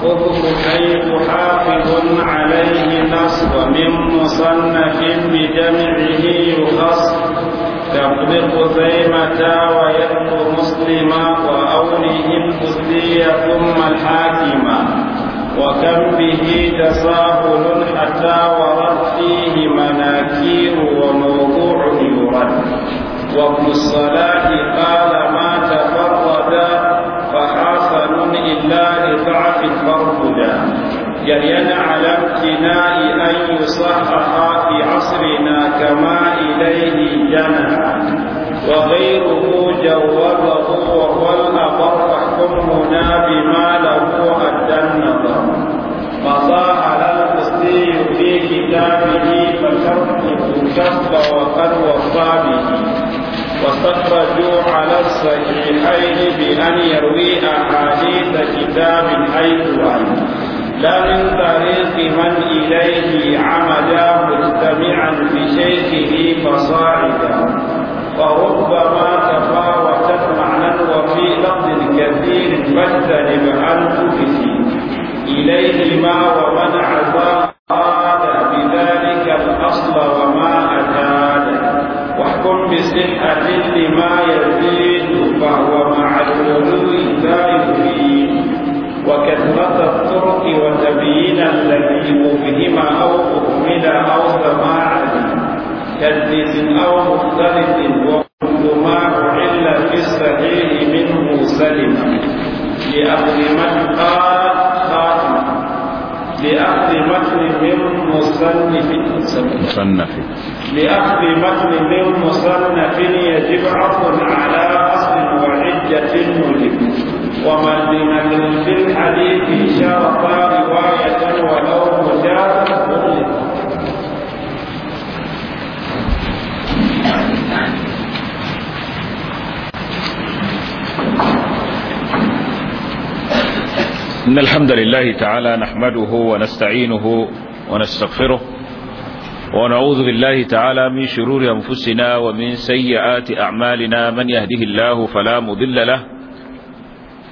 خطب كي حافظ عليه نصب من مصنف بجمعه يخص كابن خزيمة ويبن مسلما وأولهم أزلي ثم الحاكما وكم به تساهل حتى ورد فيه مناكير وموضوع يرد وابن الصلاح قال ما تفرد فحسن إلا رفعه جرينا على امتناء أن يصحح في عصرنا كما إليه جنى وغيره جوابه وهو الأبر حكمنا بما له أدى النظر مضى على القسطي في كتابه فشرط وقد وفى به واستخرجوا على الصحيحين بأن يروي أحاديث كتاب حيث عنه لا من طريق من إليه عمدا مجتمعا بشيخه فصاعدا فربما تفاوتت معنى وفي لفظ كثير فاجتنب أن تفسي إليه ما ومن عزا بذلك الأصل وما أتاد واحكم بصحة لما يزيد فهو مع الغلو لا يفيد وكثرة الطرق وتبيين الذي مبهم أو أكمل أو سماعة كدس أو مختلف وكل ما أعل في الصحيح منه سلم لأخذ من قال خاتم لأخذ متن من مصنف مصنف لأخذ متن من مصنف يجب عفو على أصل وعجة ملك ومدينة في الحديث شرطا رواية ولو مشاة إن الحمد لله تعالى نحمده ونستعينه ونستغفره ونعوذ بالله تعالى من شرور أنفسنا ومن سيئات أعمالنا من يهده الله فلا مضل له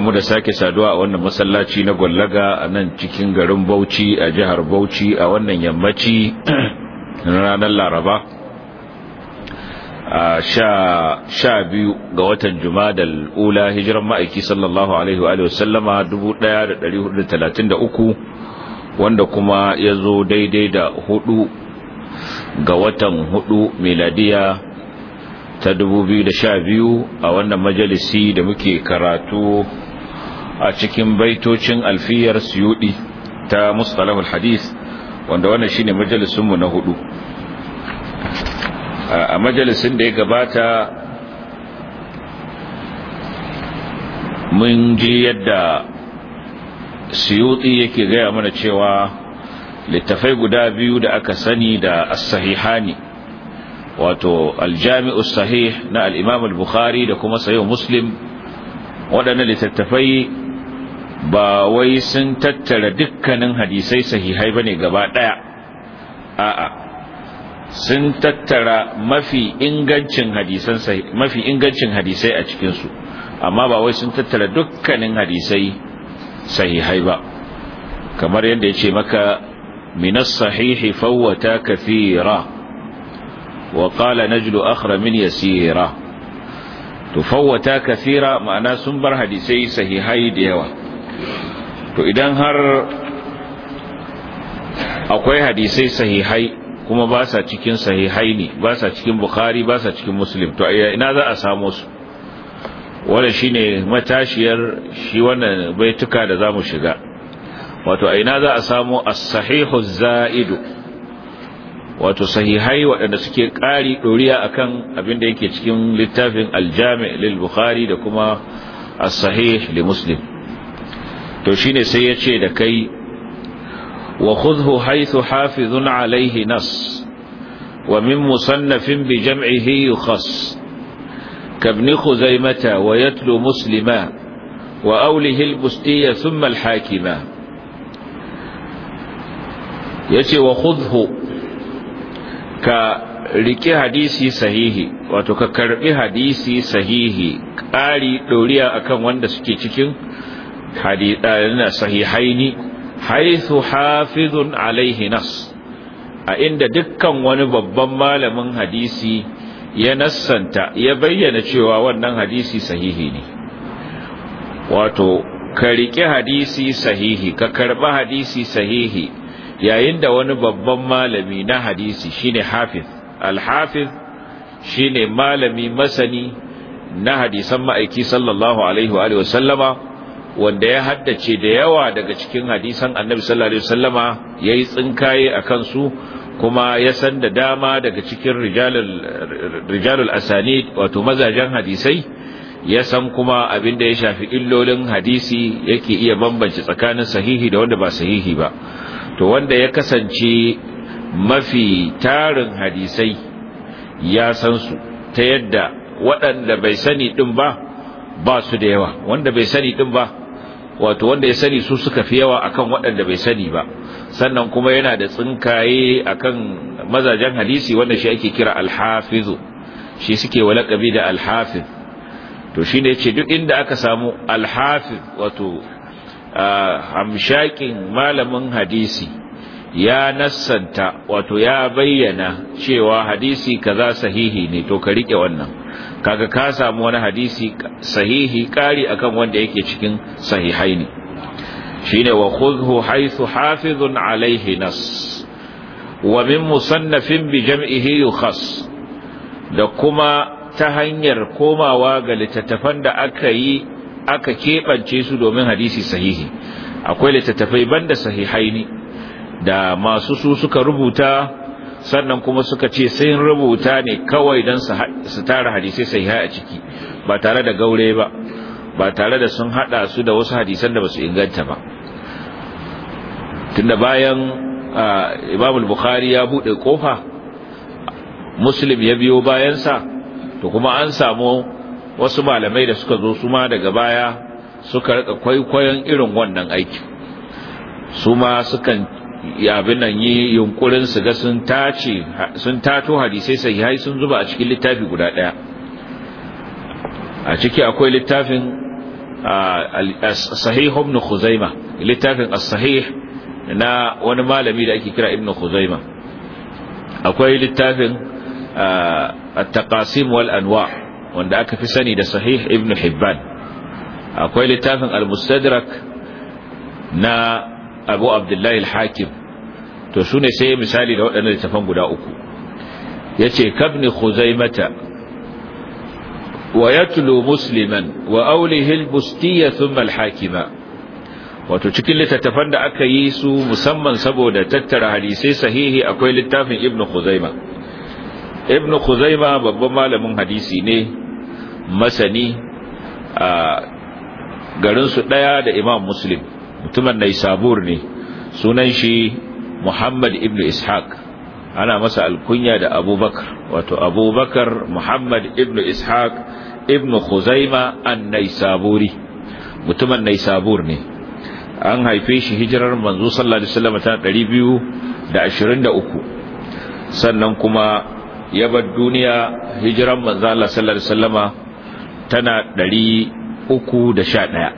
mu da sake saduwa a wannan masallaci na gwallaga a nan cikin garin bauchi a jihar bauchi a wannan yammaci ranar laraba a sha biyu ga watan jumadal ula hijiran ma'aiki sallallahu alaihi wa sallama 1433 wanda kuma ya zo daidai da hudu ga watan hudu miladiyya ta 2012 a wannan majalisi da muke karatu a cikin baitocin alfiyar siyudi ta mustalahul hadis wanda wannan shine majalisinmu na hudu a majalisin da ya gabata mun ji yadda siyudi yake gaya mana cewa littafai guda biyu da aka sani da as-sahihani wato aljami'u sahih na al al-bukhari da kuma Sayo muslim waɗannan littattafai ba wai sun tattara dukkanin hadisai sahihai ne gaba ɗaya a'a sun tattara mafi ingancin hadisai a cikinsu, amma ba wai sun tattara dukkanin hadisai sahihai ba kamar yadda ya ce maka minas sahihi fawwata kathira وقال نجل أخر من يسيرة تفوتا كثيرا معنا سنبر حديثي سهيهاي ديوا to idan har akwai hadisai sahihai kuma ba sa cikin sahihai ne ba sa cikin bukhari ba cikin muslim to ina za a samu su shine matashiyar shi wannan baituka da zamu shiga wato ina za a samu as-sahihu az-za'idu wato sahihai waɗanda suke ƙari ɗoriya akan kan abinda yake cikin littafin aljami lil bukhari da kuma as-sahih li muslim to shine sai ya ce da kai wa khudhu haythu hafizun alayhi nas wa min musannafin bi jam'ihi yukhas كابن خزيمة ويتلو مسلما وأوله البستية ثم الحاكمة يتي وخذه ka riki hadisi sahihi wato ka karbi hadisi sahihi ƙari ɗoriya akan wanda suke cikin hadithana sahihaini haithu hafizun alaihi nas a inda dukkan wani babban malamin hadisi ya nassanta ya bayyana cewa wannan hadisi sahihi ne wato ka riƙe hadisi sahihi ka karɓi hadisi sahihi yayin da wani babban malami na hadisi shine hafiz al-hafiz shine malami masani na hadisan ma'aiki sallallahu alaihi wa sallama wanda ya haddace da yawa daga cikin hadisan annabi sallallahu alaihi wa sallama yayi tsinkaye akan su kuma ya san da dama daga cikin rijalul rijalul asanid wato mazajen hadisai ya san kuma abin da ya shafi illolin hadisi yake iya bambance tsakanin sahihi da wanda ba sahihi ba to wanda ya kasance mafi tarin hadisai ya san su ta yadda waɗanda bai sani ɗin ba ba su da yawa wanda bai sani ɗin ba wato wanda ya sani su suka fi yawa akan waɗanda bai sani ba sannan kuma yana da tsinkaye akan mazajen hadisi wanda shi ake kira alhafizu shi suke walakabi da alhafiz to shine yace duk inda aka samu alhafiz wato hamshakin malamin hadisi ya nassanta wato ya bayyana cewa hadisi kaza sahihi ne to ka rike wannan kaga ka samu wani hadisi sahihi kari akan wanda yake cikin sahihai ne shine wa khudhu haythu hafizun alaihi nas wa min musannafin bi jam'ihi yukhas da kuma ta hanyar komawa ga littattafan da aka yi aka keɓance su domin hadisi sahihi akwai littattafai banda sahihaini da masu su suka rubuta sannan kuma suka ce sun rubuta ne kawai don su tara hadisai sahihai a ciki ba tare da gaure ba ba tare da sun hada su da wasu hadisan da ba su inganta ba tunda bayan imam bukhari ya buɗe kofa muslim ya biyo bayansa to kuma an samu wasu malamai da suka zo su ma daga baya suka rika kwaikwayon irin wannan aiki su ma sukan abin nan yi yunkurin su ga sun tace sun tato hadisai sahihai sun zuba a cikin littafi guda daya a ciki akwai littafin sahih ibn khuzaima littafin as-sahih na wani malami da ake kira ibn khuzaima akwai littafin at-taqasim wal anwa' wanda aka fi sani da sahih ibn hibban akwai littafin al-mustadrak na abu abdullahi al-hakim to su ne sai misali da waɗannan littafan guda uku ya ce kabni khuzaimata wa yatlu musliman wa aulihi al-bustiya thumma al-hakima wato cikin littattafan da aka yi su musamman saboda tattara hadisai sahihi akwai littafin ibn khuzaima ibnu khuzaima babban malamin hadisi ne masani a garinsu ɗaya da imam muslim mutumin naisabur ne sunan shi muhammad ibn ishaq ana masa alkunya da abubakar wato abubakar muhammad ibn ishaq ibnu khuzaima an naisaburi mutumin naisabur ne an haife shi hijirar manzo sallallahu alaihi wasallam ta 223 sannan kuma ya bar duniya hijiran manzo Allah sallallahu alaihi wasallama tana 311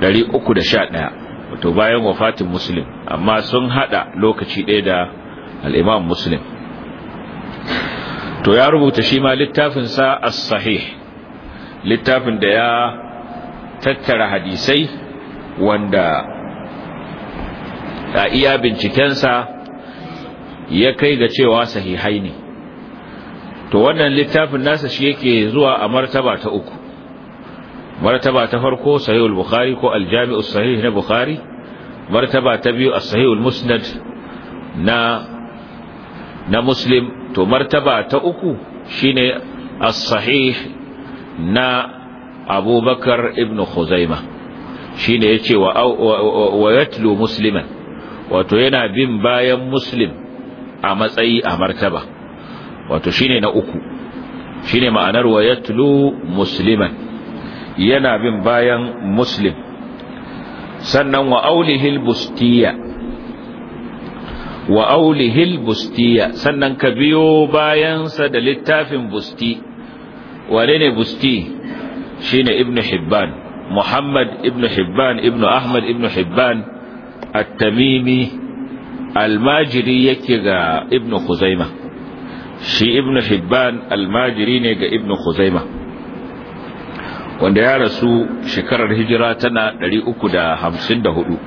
311 wato bayan wafatin muslim amma sun hada lokaci ɗaya da al-Imam Muslim to ya rubuta shi ma littafin sa as-sahih littafin da ya tattara hadisai wanda a iya bincikensa ya kai ga cewa sahihai ne to wannan littafin nasa shi yake zuwa a martaba ta uku martaba ta farko sahihul bukhari ko aljami'u sahih na bukhari martaba ta biyu sahihul musnad na na muslim to martaba ta uku shine as-sahih na abubakar ibn khuzaima shine yace wa wa yatlu musliman wato yana bin bayan muslim a matsayi a martaba wato shine na uku shine ma'anar wa yatlu musliman yana bin bayan muslim sannan wa aulihil bustiya wa aulihil bustiya sannan ka biyo bayansa da littafin busti wane ne busti shine ibnu hibban muhammad ibnu hibban ibnu ahmad ibnu hibban at-tamimi almajiri yake ga ibn khuzaima shi ibn hibban almajiri ne ga ibn khuzaima wanda ya rasu shekarar hijira tana 354